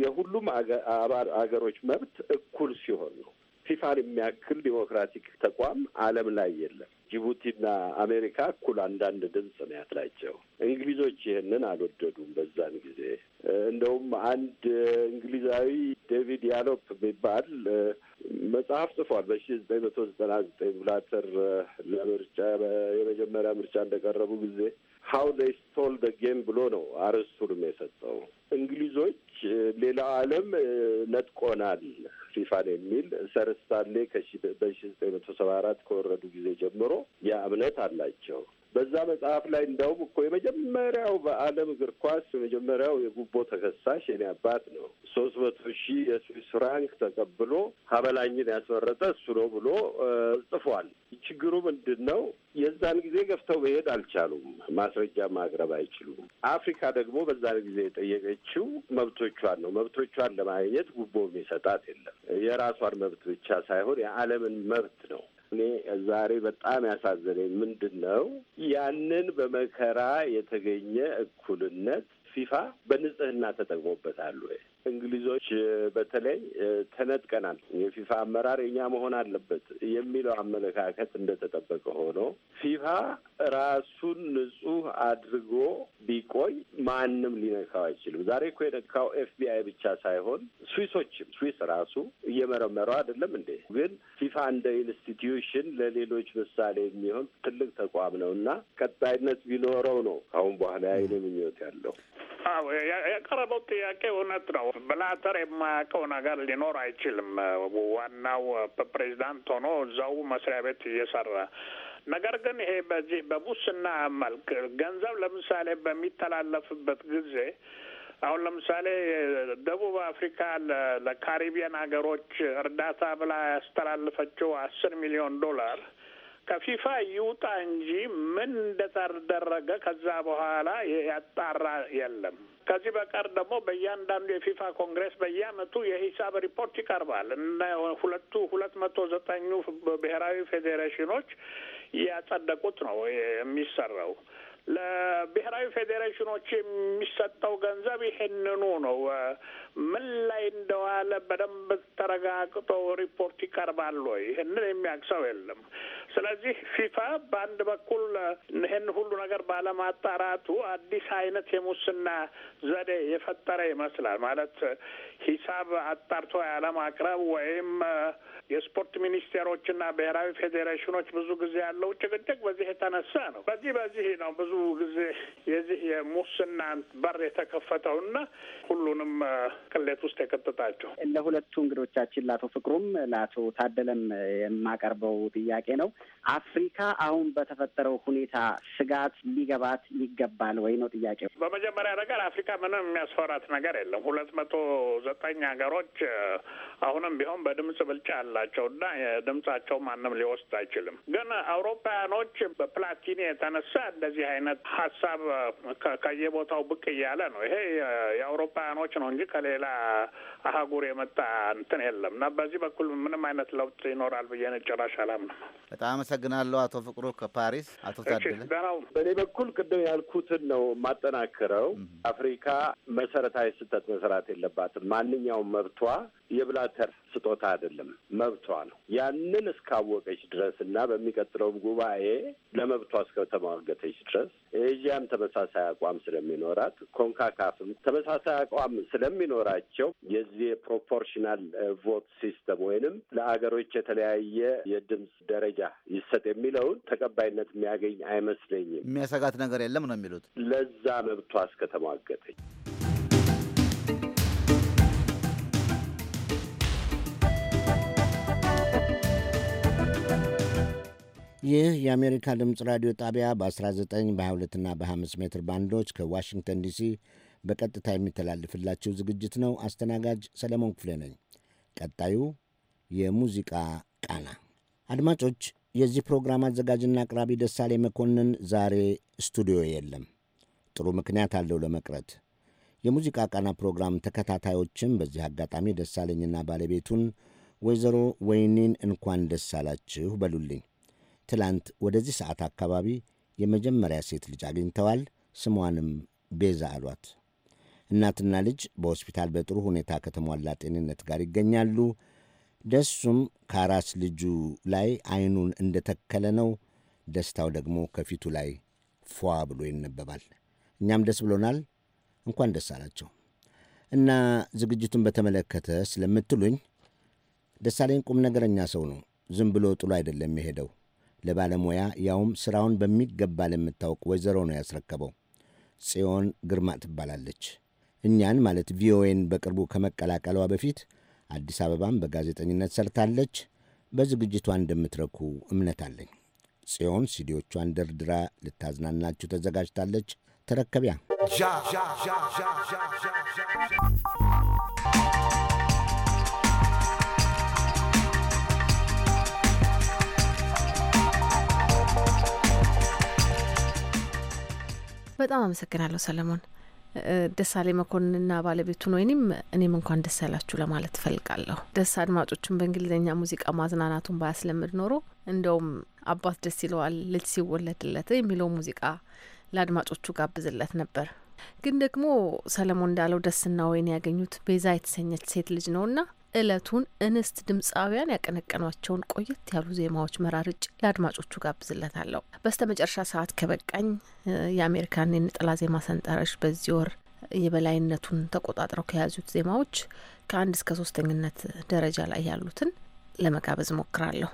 የሁሉም አባል አገሮች መብት እኩል ሲሆን ነው። ፊፋን የሚያክል ዲሞክራቲክ ተቋም ዓለም ላይ የለም። ጅቡቲና አሜሪካ እኩል አንዳንድ ድምፅ ነው ያላቸው። እንግሊዞች ይህንን አልወደዱም በዛን ጊዜ። እንደውም አንድ እንግሊዛዊ ዴቪድ ያሎፕ የሚባል መጽሐፍ ጽፏል። በሺ ዘጠኝ መቶ ዘጠና ዘጠኝ ብላተር ለምርጫ የመጀመሪያ ምርጫ እንደቀረቡ ጊዜ ሀው ዴይ ስቶል ደ ጌም ብሎ ነው አርዕስቱንም የሰጠው። እንግሊዞች ሌላው ዓለም ነጥቆናል ፊፋን የሚል ሰርስታሌ ከሺ በሺ ዘጠኝ መቶ ሰባ አራት ከወረዱ ጊዜ ጀምሮ ያ እምነት አላቸው። በዛ መጽሐፍ ላይ እንደውም እኮ የመጀመሪያው በዓለም እግር ኳስ የመጀመሪያው የጉቦ ተከሳሽ የኔ አባት ነው። ሶስት መቶ ሺህ የስዊስ ፍራንክ ተቀብሎ ሀበላኝን ያስመረጠ እሱ ነው ብሎ ጽፏል። ችግሩ ምንድን ነው? የዛን ጊዜ ገፍተው መሄድ አልቻሉም። ማስረጃ ማቅረብ አይችሉም። አፍሪካ ደግሞ በዛን ጊዜ የጠየቀችው መብቶቿን ነው። መብቶቿን ለማግኘት ጉቦ የሚሰጣት የለም። የራሷን መብት ብቻ ሳይሆን የዓለምን መብት ነው እኔ ዛሬ በጣም ያሳዘነኝ ምንድን ነው ያንን በመከራ የተገኘ እኩልነት ፊፋ በንጽህና ተጠቅሞበታል ወይ? እንግሊዞች በተለይ ተነጥቀናል፣ የፊፋ አመራር የኛ መሆን አለበት የሚለው አመለካከት እንደተጠበቀ ሆኖ ፊፋ ራሱን ንጹህ አድርጎ ቢቆይ ማንም ሊነካው አይችልም። ዛሬ እኮ የነካው ኤፍቢአይ ብቻ ሳይሆን ስዊሶችም፣ ስዊስ ራሱ እየመረመረው አይደለም እንዴ? ግን ፊፋ እንደ ኢንስቲትዩሽን ለሌሎች ምሳሌ የሚሆን ትልቅ ተቋም ነው እና ቀጣይነት ቢኖረው ነው አሁን በኋላ አይነ ምኞት ያለው ያቀረበው ጥያቄ እውነት ነው። ብላተር የማያውቀው ነገር ሊኖር አይችልም። ዋናው ፕሬዚዳንት ሆኖ እዛው መስሪያ ቤት እየሰራ ነገር ግን ይሄ በዚህ በሙስና መልክ ገንዘብ ለምሳሌ በሚተላለፍበት ጊዜ አሁን ለምሳሌ ደቡብ አፍሪካ ለካሪቢያን ሀገሮች እርዳታ ብላ ያስተላልፈችው አስር ሚሊዮን ዶላር ከፊፋ ይውጣ እንጂ ምን እንደተደረገ ከዛ በኋላ ያጣራ የለም። ከዚህ በቀር ደግሞ በእያንዳንዱ የፊፋ ኮንግሬስ በየአመቱ የሂሳብ ሪፖርት ይቀርባል እና ሁለቱ ሁለት መቶ ዘጠኙ ብሔራዊ ፌዴሬሽኖች ያጸደቁት ነው የሚሰራው። ለብሔራዊ ፌዴሬሽኖች የሚሰጠው ገንዘብ ይሄንኑ ነው። ምን ላይ እንደዋለ በደንብ ተረጋግጦ ሪፖርት ይቀርባል ወይ? ይህንን የሚያውቅ ሰው የለም። ስለዚህ ፊፋ በአንድ በኩል ይህን ሁሉ ነገር ባለማጣራቱ አዲስ አይነት የሙስና ዘዴ የፈጠረ ይመስላል። ማለት ሂሳብ አጣርቶ ያለማቅረብ ወይም የስፖርት ሚኒስቴሮችና ብሔራዊ ፌዴሬሽኖች ብዙ ጊዜ ያለው ጭቅጭቅ በዚህ የተነሳ ነው። በዚህ በዚህ ነው ብዙ ብዙ ጊዜ የዚህ የሙስና በር የተከፈተውና ሁሉንም ቅሌት ውስጥ የከተታቸው ለሁለቱ እንግዶቻችን ለአቶ ፍቅሩም ለአቶ ታደለም የማቀርበው ጥያቄ ነው። አፍሪካ አሁን በተፈጠረው ሁኔታ ስጋት ሊገባት ይገባል ወይ ነው ጥያቄው። በመጀመሪያ ነገር አፍሪካ ምንም የሚያስፈራት ነገር የለም። ሁለት መቶ ዘጠኝ ሀገሮች አሁንም ቢሆን በድምጽ ብልጫ አላቸው እና የድምጻቸው ማንም ሊወስድ አይችልም። ግን አውሮፓውያኖች በፕላቲኒ የተነሳ እንደዚህ አይነት አይነት ሀሳብ ከየቦታው ብቅ እያለ ነው። ይሄ የአውሮፓውያኖች ነው እንጂ ከሌላ አህጉር የመጣ እንትን የለም እና በዚህ በኩል ምንም አይነት ለውጥ ይኖራል ብዬን ጭራሽ አላምንም። በጣም አመሰግናለሁ አቶ ፍቅሩ ከፓሪስ። አቶ ታደለ በእኔ በኩል ቅድም ያልኩትን ነው የማጠናክረው። አፍሪካ መሰረታዊ ስህተት መስራት የለባትም። ማንኛውም መብቷ የብላተር ስጦታ አይደለም፣ መብቷ ነው። ያንን እስካወቀች ድረስ እና በሚቀጥለውም ጉባኤ ለመብቷ እስከተሟገተች ድረስ ኤዥያም ተመሳሳይ አቋም ስለሚኖራት፣ ኮንካካፍም ተመሳሳይ አቋም ስለሚኖራቸው የዚህ የፕሮፖርሽናል ቮት ሲስተም ወይንም ለአገሮች የተለያየ የድምፅ ደረጃ ይሰጥ የሚለውን ተቀባይነት የሚያገኝ አይመስለኝም። የሚያሰጋት ነገር የለም ነው የሚሉት ለዛ መብቷ እስከተሟገተች ይህ የአሜሪካ ድምፅ ራዲዮ ጣቢያ በ19 በ22ና በ25 ሜትር ባንዶች ከዋሽንግተን ዲሲ በቀጥታ የሚተላልፍላችሁ ዝግጅት ነው። አስተናጋጅ ሰለሞን ክፍሌ ነኝ። ቀጣዩ የሙዚቃ ቃና። አድማጮች፣ የዚህ ፕሮግራም አዘጋጅና አቅራቢ ደሳሌ መኮንን ዛሬ ስቱዲዮ የለም። ጥሩ ምክንያት አለው ለመቅረት። የሙዚቃ ቃና ፕሮግራም ተከታታዮችም በዚህ አጋጣሚ ደሳለኝና ባለቤቱን ወይዘሮ ወይኒን እንኳን ደስ አላችሁ በሉልኝ። ትላንት ወደዚህ ሰዓት አካባቢ የመጀመሪያ ሴት ልጅ አግኝተዋል። ስሟንም ቤዛ አሏት። እናትና ልጅ በሆስፒታል በጥሩ ሁኔታ ከተሟላ ጤንነት ጋር ይገኛሉ። ደሱም ከአራስ ልጁ ላይ አይኑን እንደተከለ ነው። ደስታው ደግሞ ከፊቱ ላይ ፏ ብሎ ይነበባል። እኛም ደስ ብሎናል። እንኳን ደስ አላቸው እና ዝግጅቱን በተመለከተ ስለምትሉኝ ደሳለኝ ቁም ነገረኛ ሰው ነው። ዝም ብሎ ጥሎ አይደለም የሄደው። ለባለሙያ ያውም ሥራውን በሚገባ ለምታውቅ ወይዘሮ ነው ያስረከበው። ጽዮን ግርማ ትባላለች። እኛን ማለት ቪኦኤን በቅርቡ ከመቀላቀሏ በፊት አዲስ አበባም በጋዜጠኝነት ሰርታለች። በዝግጅቷ እንደምትረኩ እምነት አለኝ። ጽዮን ሲዲዎቿን ደርድራ ልታዝናናችሁ ተዘጋጅታለች። ተረከቢያ በጣም አመሰግናለሁ ሰለሞን። ደሳሌ መኮንንና ባለቤቱን ወይም እኔም እንኳን ደስ ያላችሁ ለማለት እፈልጋለሁ። ደስ አድማጮችን በእንግሊዝኛ ሙዚቃ ማዝናናቱን ባያስለምድ ኖሮ እንደውም አባት ደስ ይለዋል ልጅ ሲወለድለት የሚለው ሙዚቃ ለአድማጮቹ ጋብዝለት ነበር። ግን ደግሞ ሰለሞን እንዳለው ደስና ወይን ያገኙት ቤዛ የተሰኘች ሴት ልጅ ነውና እለቱን እንስት ድምፃውያን ያቀነቀኗቸውን ቆየት ያሉ ዜማዎች መራርጭ ለአድማጮቹ ጋብዝለታለሁ። በስተ መጨረሻ ሰዓት ከበቃኝ የአሜሪካን የነጠላ ዜማ ሰንጠረዥ በዚህ ወር የበላይነቱን ተቆጣጥረው ከያዙት ዜማዎች ከአንድ እስከ ሶስተኝነት ደረጃ ላይ ያሉትን ለመጋበዝ ሞክራለሁ።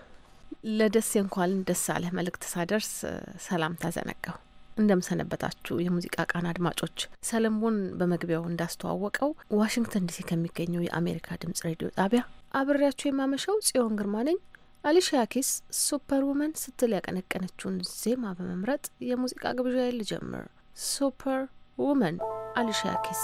ለደሴ እንኳን ደስ አለህ መልእክት ሳደርስ ሰላምታ ዘነጋሁ። እንደምሰነበታችሁ የሙዚቃ ቃና አድማጮች፣ ሰለሞን በመግቢያው እንዳስተዋወቀው ዋሽንግተን ዲሲ ከሚገኘው የአሜሪካ ድምጽ ሬዲዮ ጣቢያ አብሬያችሁ የማመሸው ጽዮን ግርማ ነኝ። አሊሺያ ኪስ ሱፐር ውመን ስትል ያቀነቀነችውን ዜማ በመምረጥ የሙዚቃ ግብዣ ልጀምር። ሱፐር ውመን አሊሺያ ኪስ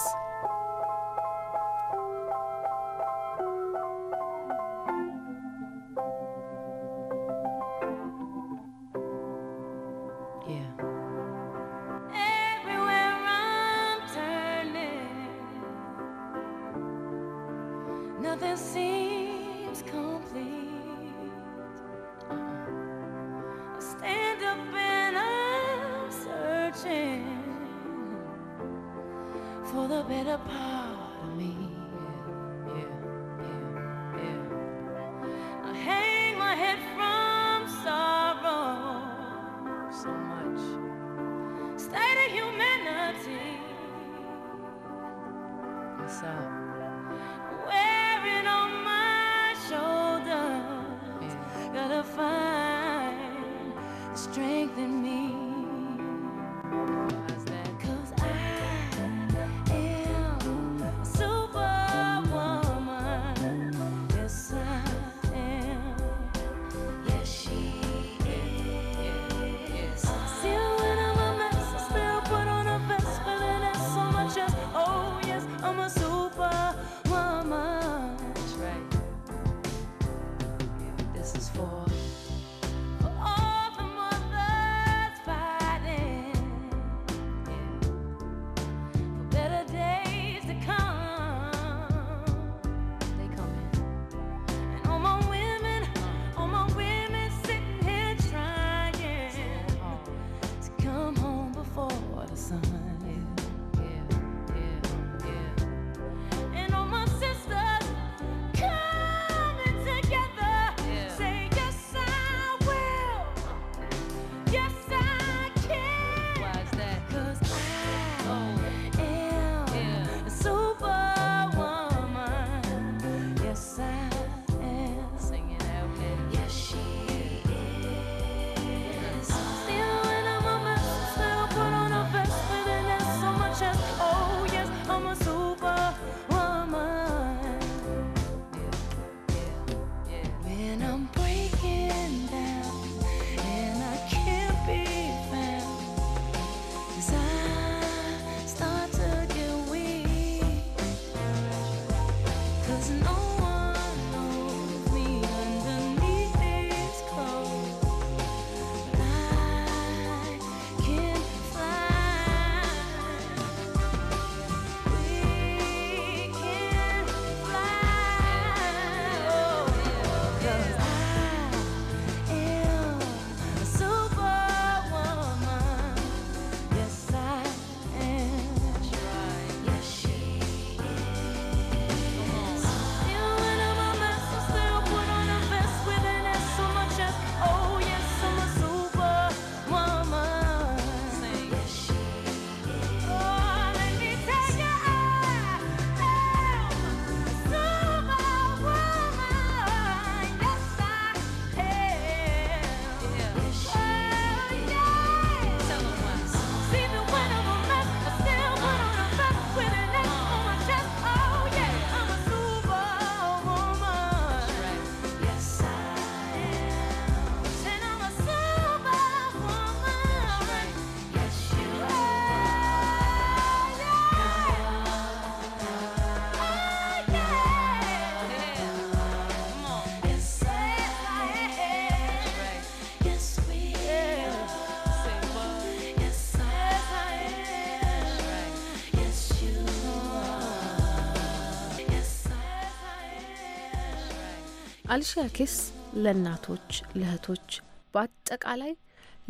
አልሺያ ኪስ ለእናቶች፣ ለእህቶች፣ በአጠቃላይ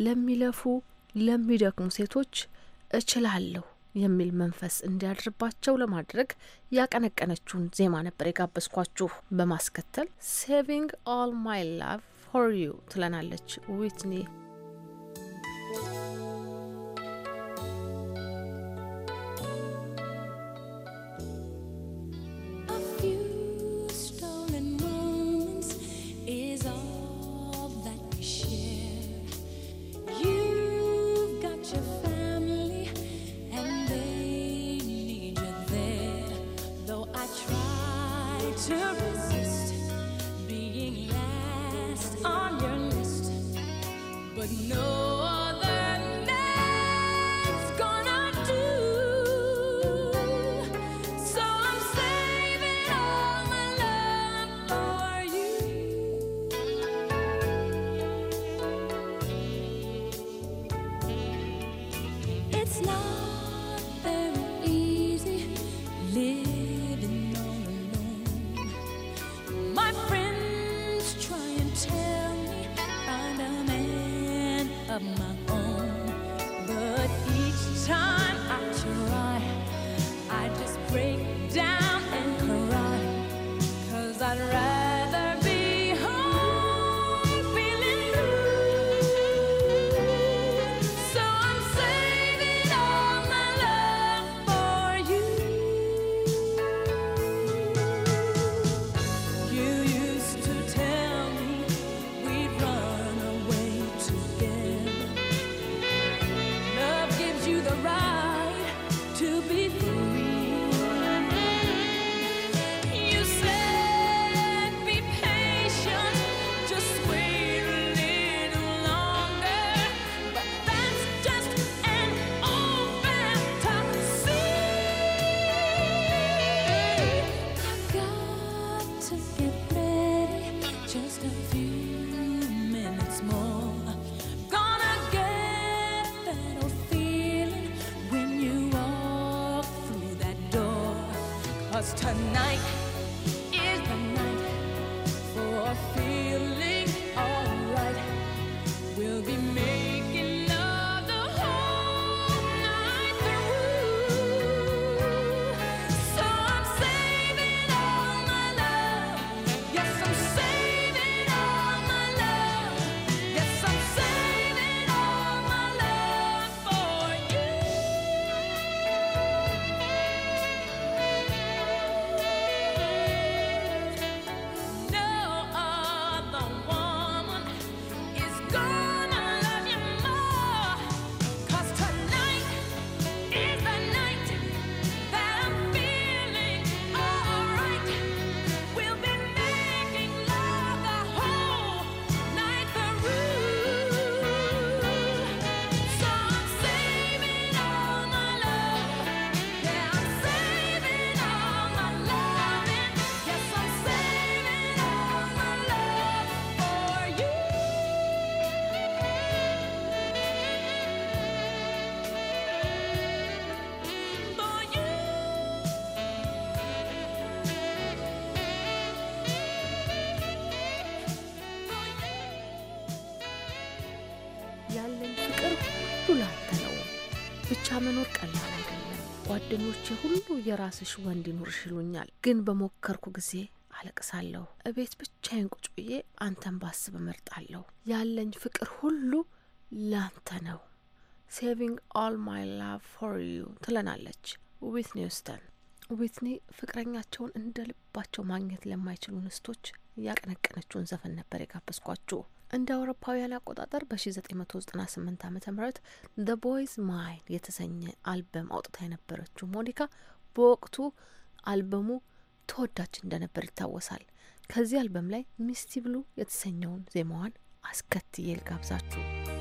ለሚለፉ ለሚደክሙ ሴቶች እችላለሁ የሚል መንፈስ እንዲያድርባቸው ለማድረግ ያቀነቀነችውን ዜማ ነበር የጋበዝኳችሁ። በማስከተል ሴቪንግ ኦል ማይ ላቭ ፎር ዩ ትለናለች ዊትኒ would know. ልጆቼ ሁሉ የራስሽ ወንድ ይኑርሽ ይሉኛል፣ ግን በሞከርኩ ጊዜ አለቅሳለሁ። እቤት ብቻዬን ቁጭ ብዬ አንተን ባስብ እመርጣለሁ። ያለኝ ፍቅር ሁሉ ላንተ ነው። ሴቪንግ ኦል ማይ ላቭ ፎር ዩ ትለናለች ዊትኒ ውስተን። ዊትኒ ፍቅረኛቸውን እንደ ልባቸው ማግኘት ለማይችሉ ንስቶች ያቀነቀነችውን ዘፈን ነበር የጋበዝኳችሁ። እንደ አውሮፓውያን አቆጣጠር በ1998 ዓ ም ዘ ቦይዝ ማይል የተሰኘ አልበም አውጥታ የነበረችው ሞኒካ በወቅቱ አልበሙ ተወዳጅ እንደነበር ይታወሳል። ከዚህ አልበም ላይ ሚስቲ ብሉ የተሰኘውን ዜማዋን አስከትዬ ልጋብዛችሁ።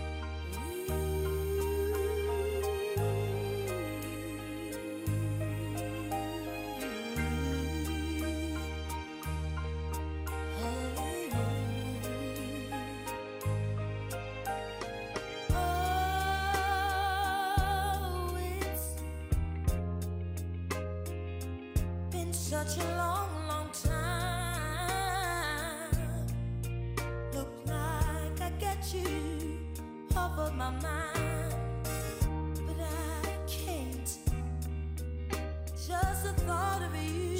such a long, long time. like I get you off of my mind, but I can't. Just the thought of you.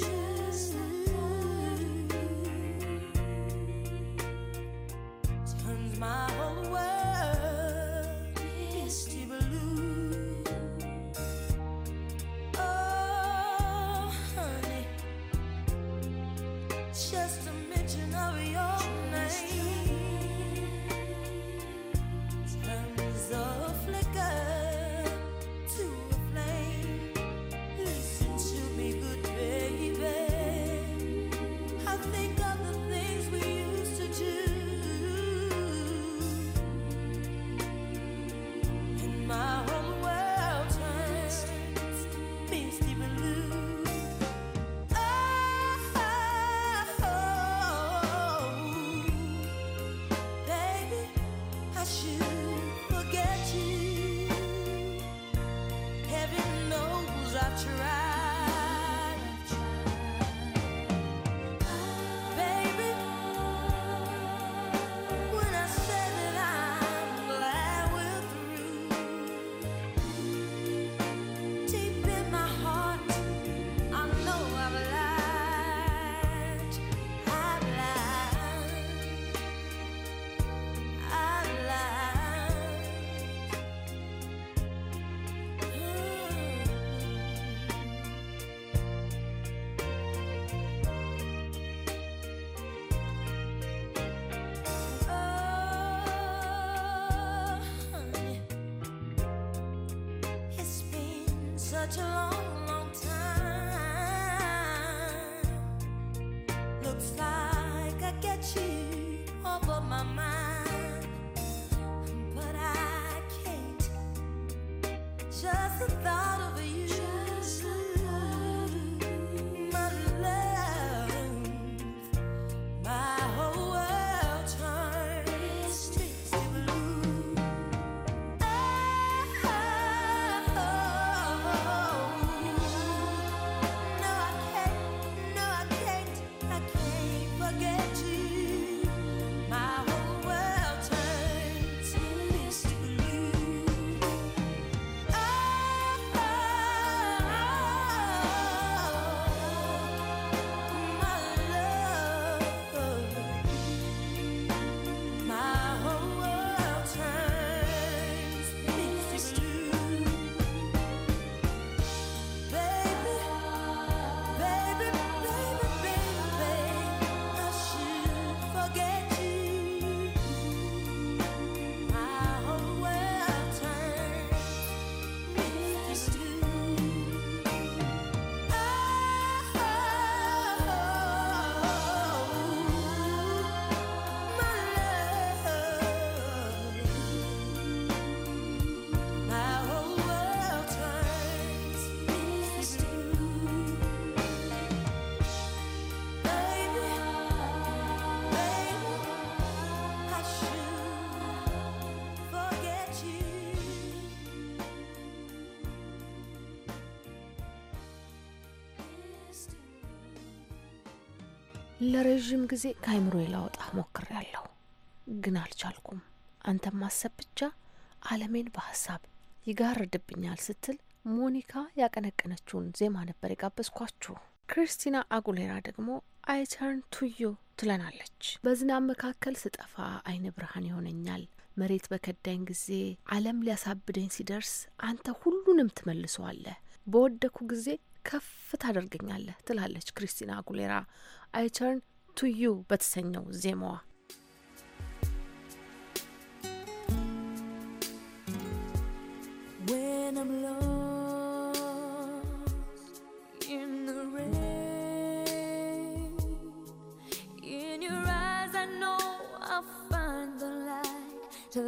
such a long, long time. Looks like I get you over my mind, but I can't. Just the thought. ለረዥም ጊዜ ከአይምሮ ላወጣ ያለው ግን አልቻልኩም። አንተ ማሰብ ብቻ አለሜን በሀሳብ ይጋርድብኛል ስትል ሞኒካ ያቀነቀነችውን ዜማ ነበር የጋበዝኳችሁ። ክርስቲና አጉሌራ ደግሞ አይተርን ቱዩ ትለናለች። በዝናብ መካከል ስጠፋ አይነ ብርሃን ይሆነኛል። መሬት በከዳኝ ጊዜ አለም ሊያሳብደኝ ሲደርስ አንተ ሁሉንም ትመልሰዋለህ። በወደኩ ጊዜ ከፍ ታደርገኛለህ ትላለች ክሪስቲና አጉሌራ አይተርን ቱ ዩ በተሰኘው ዜማዋ። When I'm lost in the rain, in your eyes I know I'll find the light to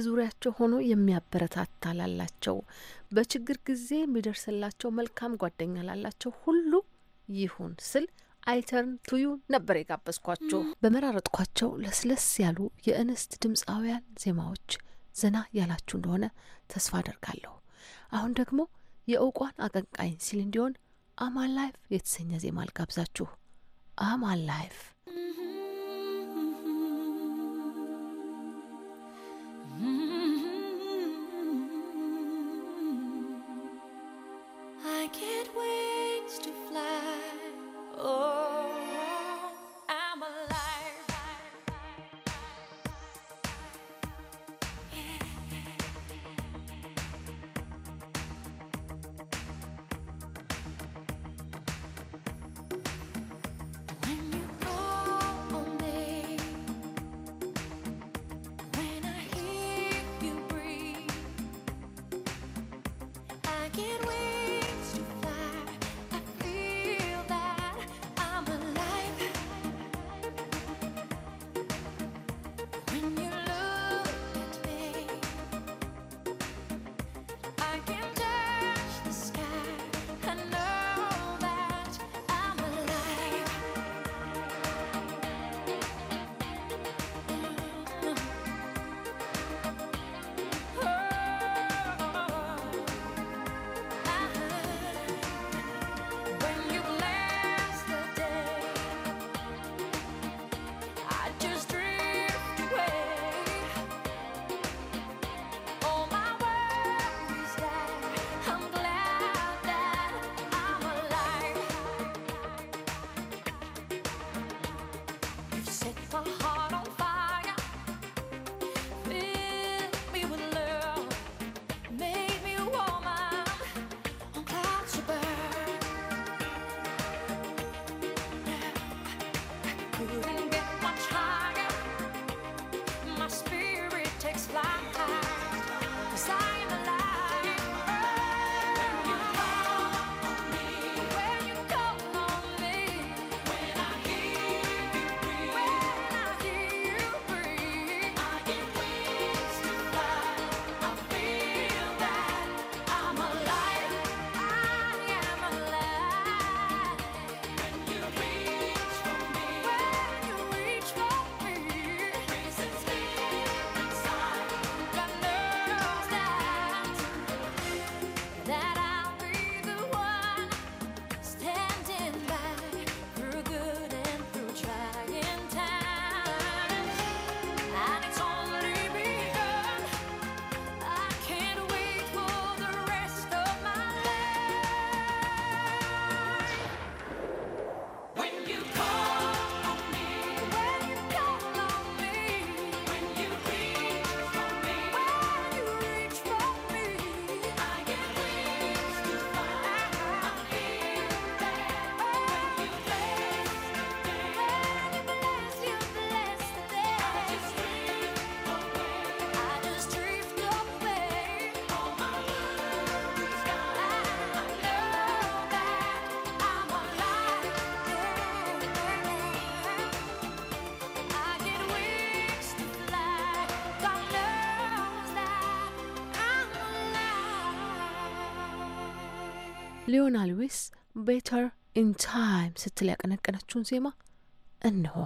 በዙሪያቸው ሆኖ የሚያበረታታ ላላቸው፣ በችግር ጊዜ የሚደርስላቸው መልካም ጓደኛ ላላቸው ሁሉ ይሁን ስል አይተርን ቱዩ ነበር የጋበዝኳችሁ። በመራረጥኳቸው ለስለስ ያሉ የእንስት ድምፃውያን ዜማዎች ዘና ያላችሁ እንደሆነ ተስፋ አደርጋለሁ። አሁን ደግሞ የእውቋን አቀንቃኝ ሲል እንዲሆን አማ ላይፍ የተሰኘ ዜማ አልጋብዛችሁ። አማ ላይፍ Mm-hmm. you. ሊዮና ሉዊስ ቤተር ኢን ታይም ስትል ያቀነቀነችውን ዜማ እንሆ።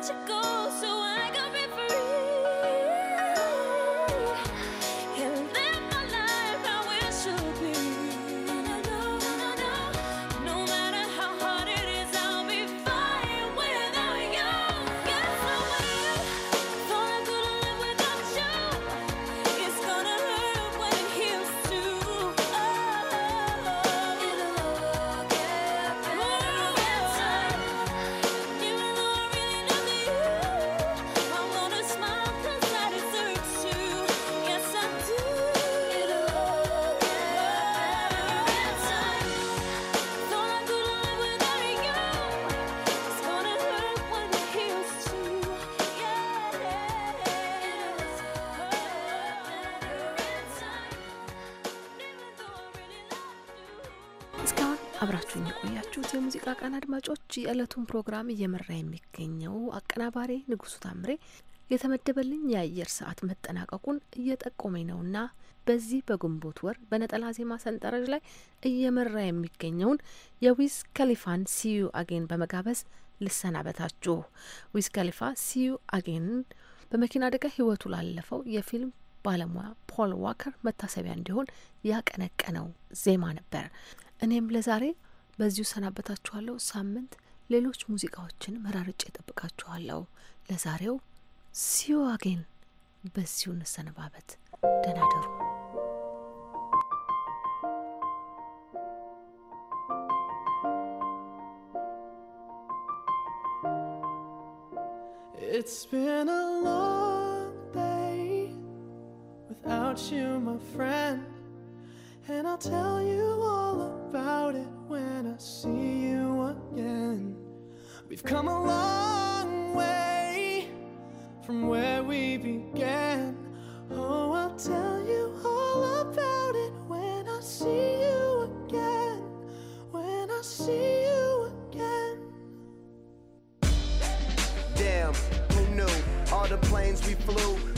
magical, so የዕለቱን ፕሮግራም እየመራ የሚገኘው አቀናባሪ ንጉሱ ታምሬ የተመደበልኝ የአየር ሰዓት መጠናቀቁን እየጠቆመኝ ነውና በዚህ በግንቦት ወር በነጠላ ዜማ ሰንጠረዥ ላይ እየመራ የሚገኘውን የዊዝ ከሊፋን ሲዩ አጌን በመጋበዝ ልሰናበታችሁ። ዊዝ ከሊፋ ሲዩ አጌን በመኪና አደጋ ሕይወቱ ላለፈው የፊልም ባለሙያ ፖል ዋከር መታሰቢያ እንዲሆን ያቀነቀነው ዜማ ነበር። እኔም ለዛሬ በዚሁ ሰናበታችኋለሁ። ሳምንት ሌሎች ሙዚቃዎችን መራርጬ እጠብቃችኋለሁ። ለዛሬው ሲዩ አጌን በዚሁ እንሰነባበት። ደህና ደሩ። It's been a long day without you, my friend. And I'll tell you all about it when I see you again. We've come a long way from where we began. Oh, I'll tell you all about it when I see you again. When I see you again. Damn, who knew all the planes we flew?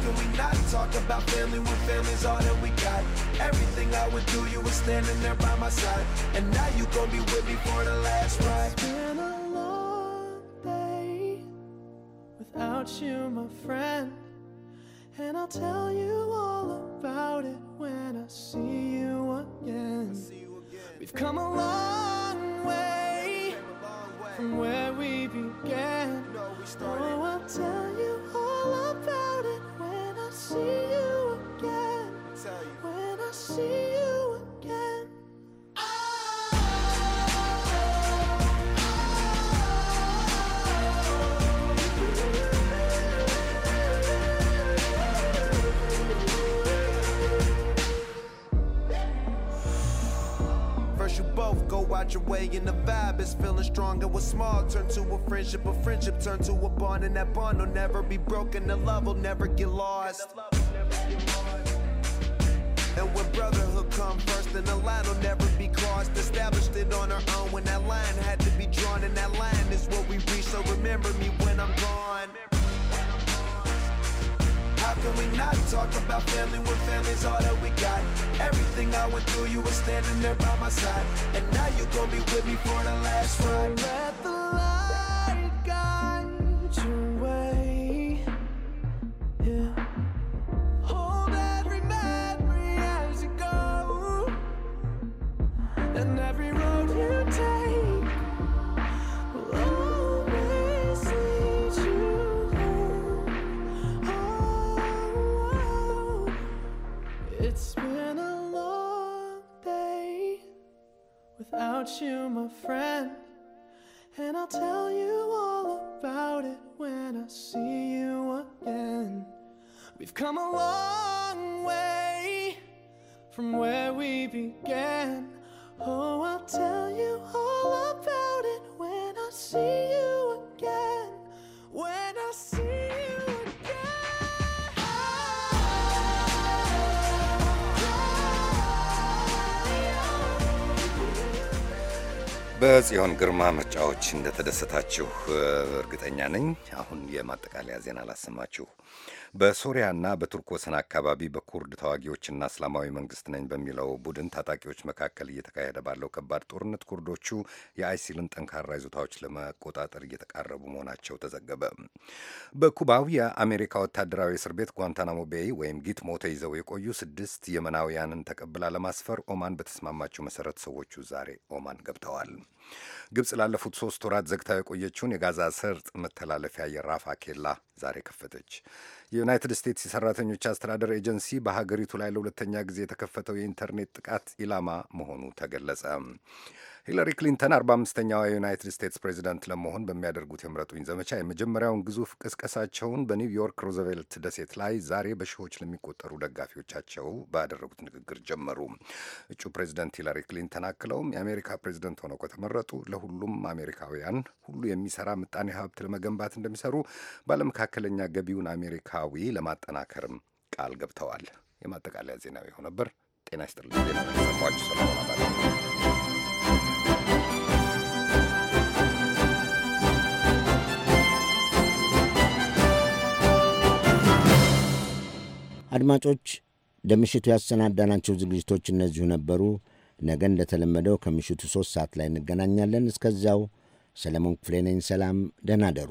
can we not talk about family when family's all that we got? Everything I would do, you were standing there by my side. And now you gon' be with me for the last ride. It's been a long day without you, my friend. And I'll tell you all about it when I see you again. See you again. We've come a long way, a long way. from where we began. You know we oh, I'll tell you all about see you again. When I see you go out your way and the vibe is feeling strong and what's small turn to a friendship, a friendship turn to a bond and that bond will never be broken, the love will never get lost. And when brotherhood come first, then the line will never be crossed. Established it on our own when that line had to be drawn, and that line is what we reach. So remember me when I'm gone can we not talk about family when family's all that we got? Everything I went through, you were standing there by my side. And now you're gonna be with me for the last ride. you, my friend. And I'll tell you all about it when I see you again. We've come a long way from where we began. Oh, I'll tell you all about it when I see you again. When I see በጽዮን ግርማ ምርጫዎች እንደተደሰታችሁ እርግጠኛ ነኝ። አሁን የማጠቃለያ ዜና አላሰማችሁ። በሶሪያና በቱርክ ወሰን አካባቢ በኩርድ ተዋጊዎችና እስላማዊ መንግስት ነኝ በሚለው ቡድን ታጣቂዎች መካከል እየተካሄደ ባለው ከባድ ጦርነት ኩርዶቹ የአይሲልን ጠንካራ ይዞታዎች ለመቆጣጠር እየተቃረቡ መሆናቸው ተዘገበ። በኩባው የአሜሪካ ወታደራዊ እስር ቤት ጓንታናሞ ቤይ ወይም ጊትሞ ተይዘው የቆዩ ስድስት የመናውያንን ተቀብላ ለማስፈር ኦማን በተስማማቸው መሰረት ሰዎቹ ዛሬ ኦማን ገብተዋል። ግብፅ ላለፉት ሶስት ወራት ዘግታ የቆየችውን የጋዛ ሰርጥ መተላለፊያ የራፋ ኬላ ዛሬ ከፈተች። የዩናይትድ ስቴትስ የሰራተኞች አስተዳደር ኤጀንሲ በሀገሪቱ ላይ ለሁለተኛ ጊዜ የተከፈተው የኢንተርኔት ጥቃት ኢላማ መሆኑ ተገለጸ። ሂለሪ ክሊንተን አርባ አምስተኛዋ የዩናይትድ ስቴትስ ፕሬዚደንት ለመሆን በሚያደርጉት የምረጡኝ ዘመቻ የመጀመሪያውን ግዙፍ ቅስቀሳቸውን በኒውዮርክ ሮዘቬልት ደሴት ላይ ዛሬ በሺዎች ለሚቆጠሩ ደጋፊዎቻቸው ባደረጉት ንግግር ጀመሩ። እጩ ፕሬዚደንት ሂለሪ ክሊንተን አክለውም የአሜሪካ ፕሬዚደንት ሆነው ከተመረጡ ለሁሉም አሜሪካውያን ሁሉ የሚሰራ ምጣኔ ሀብት ለመገንባት እንደሚሰሩ ባለመካከለኛ ገቢውን አሜሪካዊ ለማጠናከርም ቃል ገብተዋል። የማጠቃለያ ዜናው ይኸው ነበር። ጤና ይስጥልኝ። ዜና ሰማችሁ ሰለሞን አድማጮች፣ ለምሽቱ ያሰናዳናቸው ዝግጅቶች እነዚሁ ነበሩ። ነገ እንደተለመደው ከምሽቱ ሦስት ሰዓት ላይ እንገናኛለን። እስከዚያው ሰለሞን ክፍሌ ነኝ። ሰላም፣ ደህና ደሩ።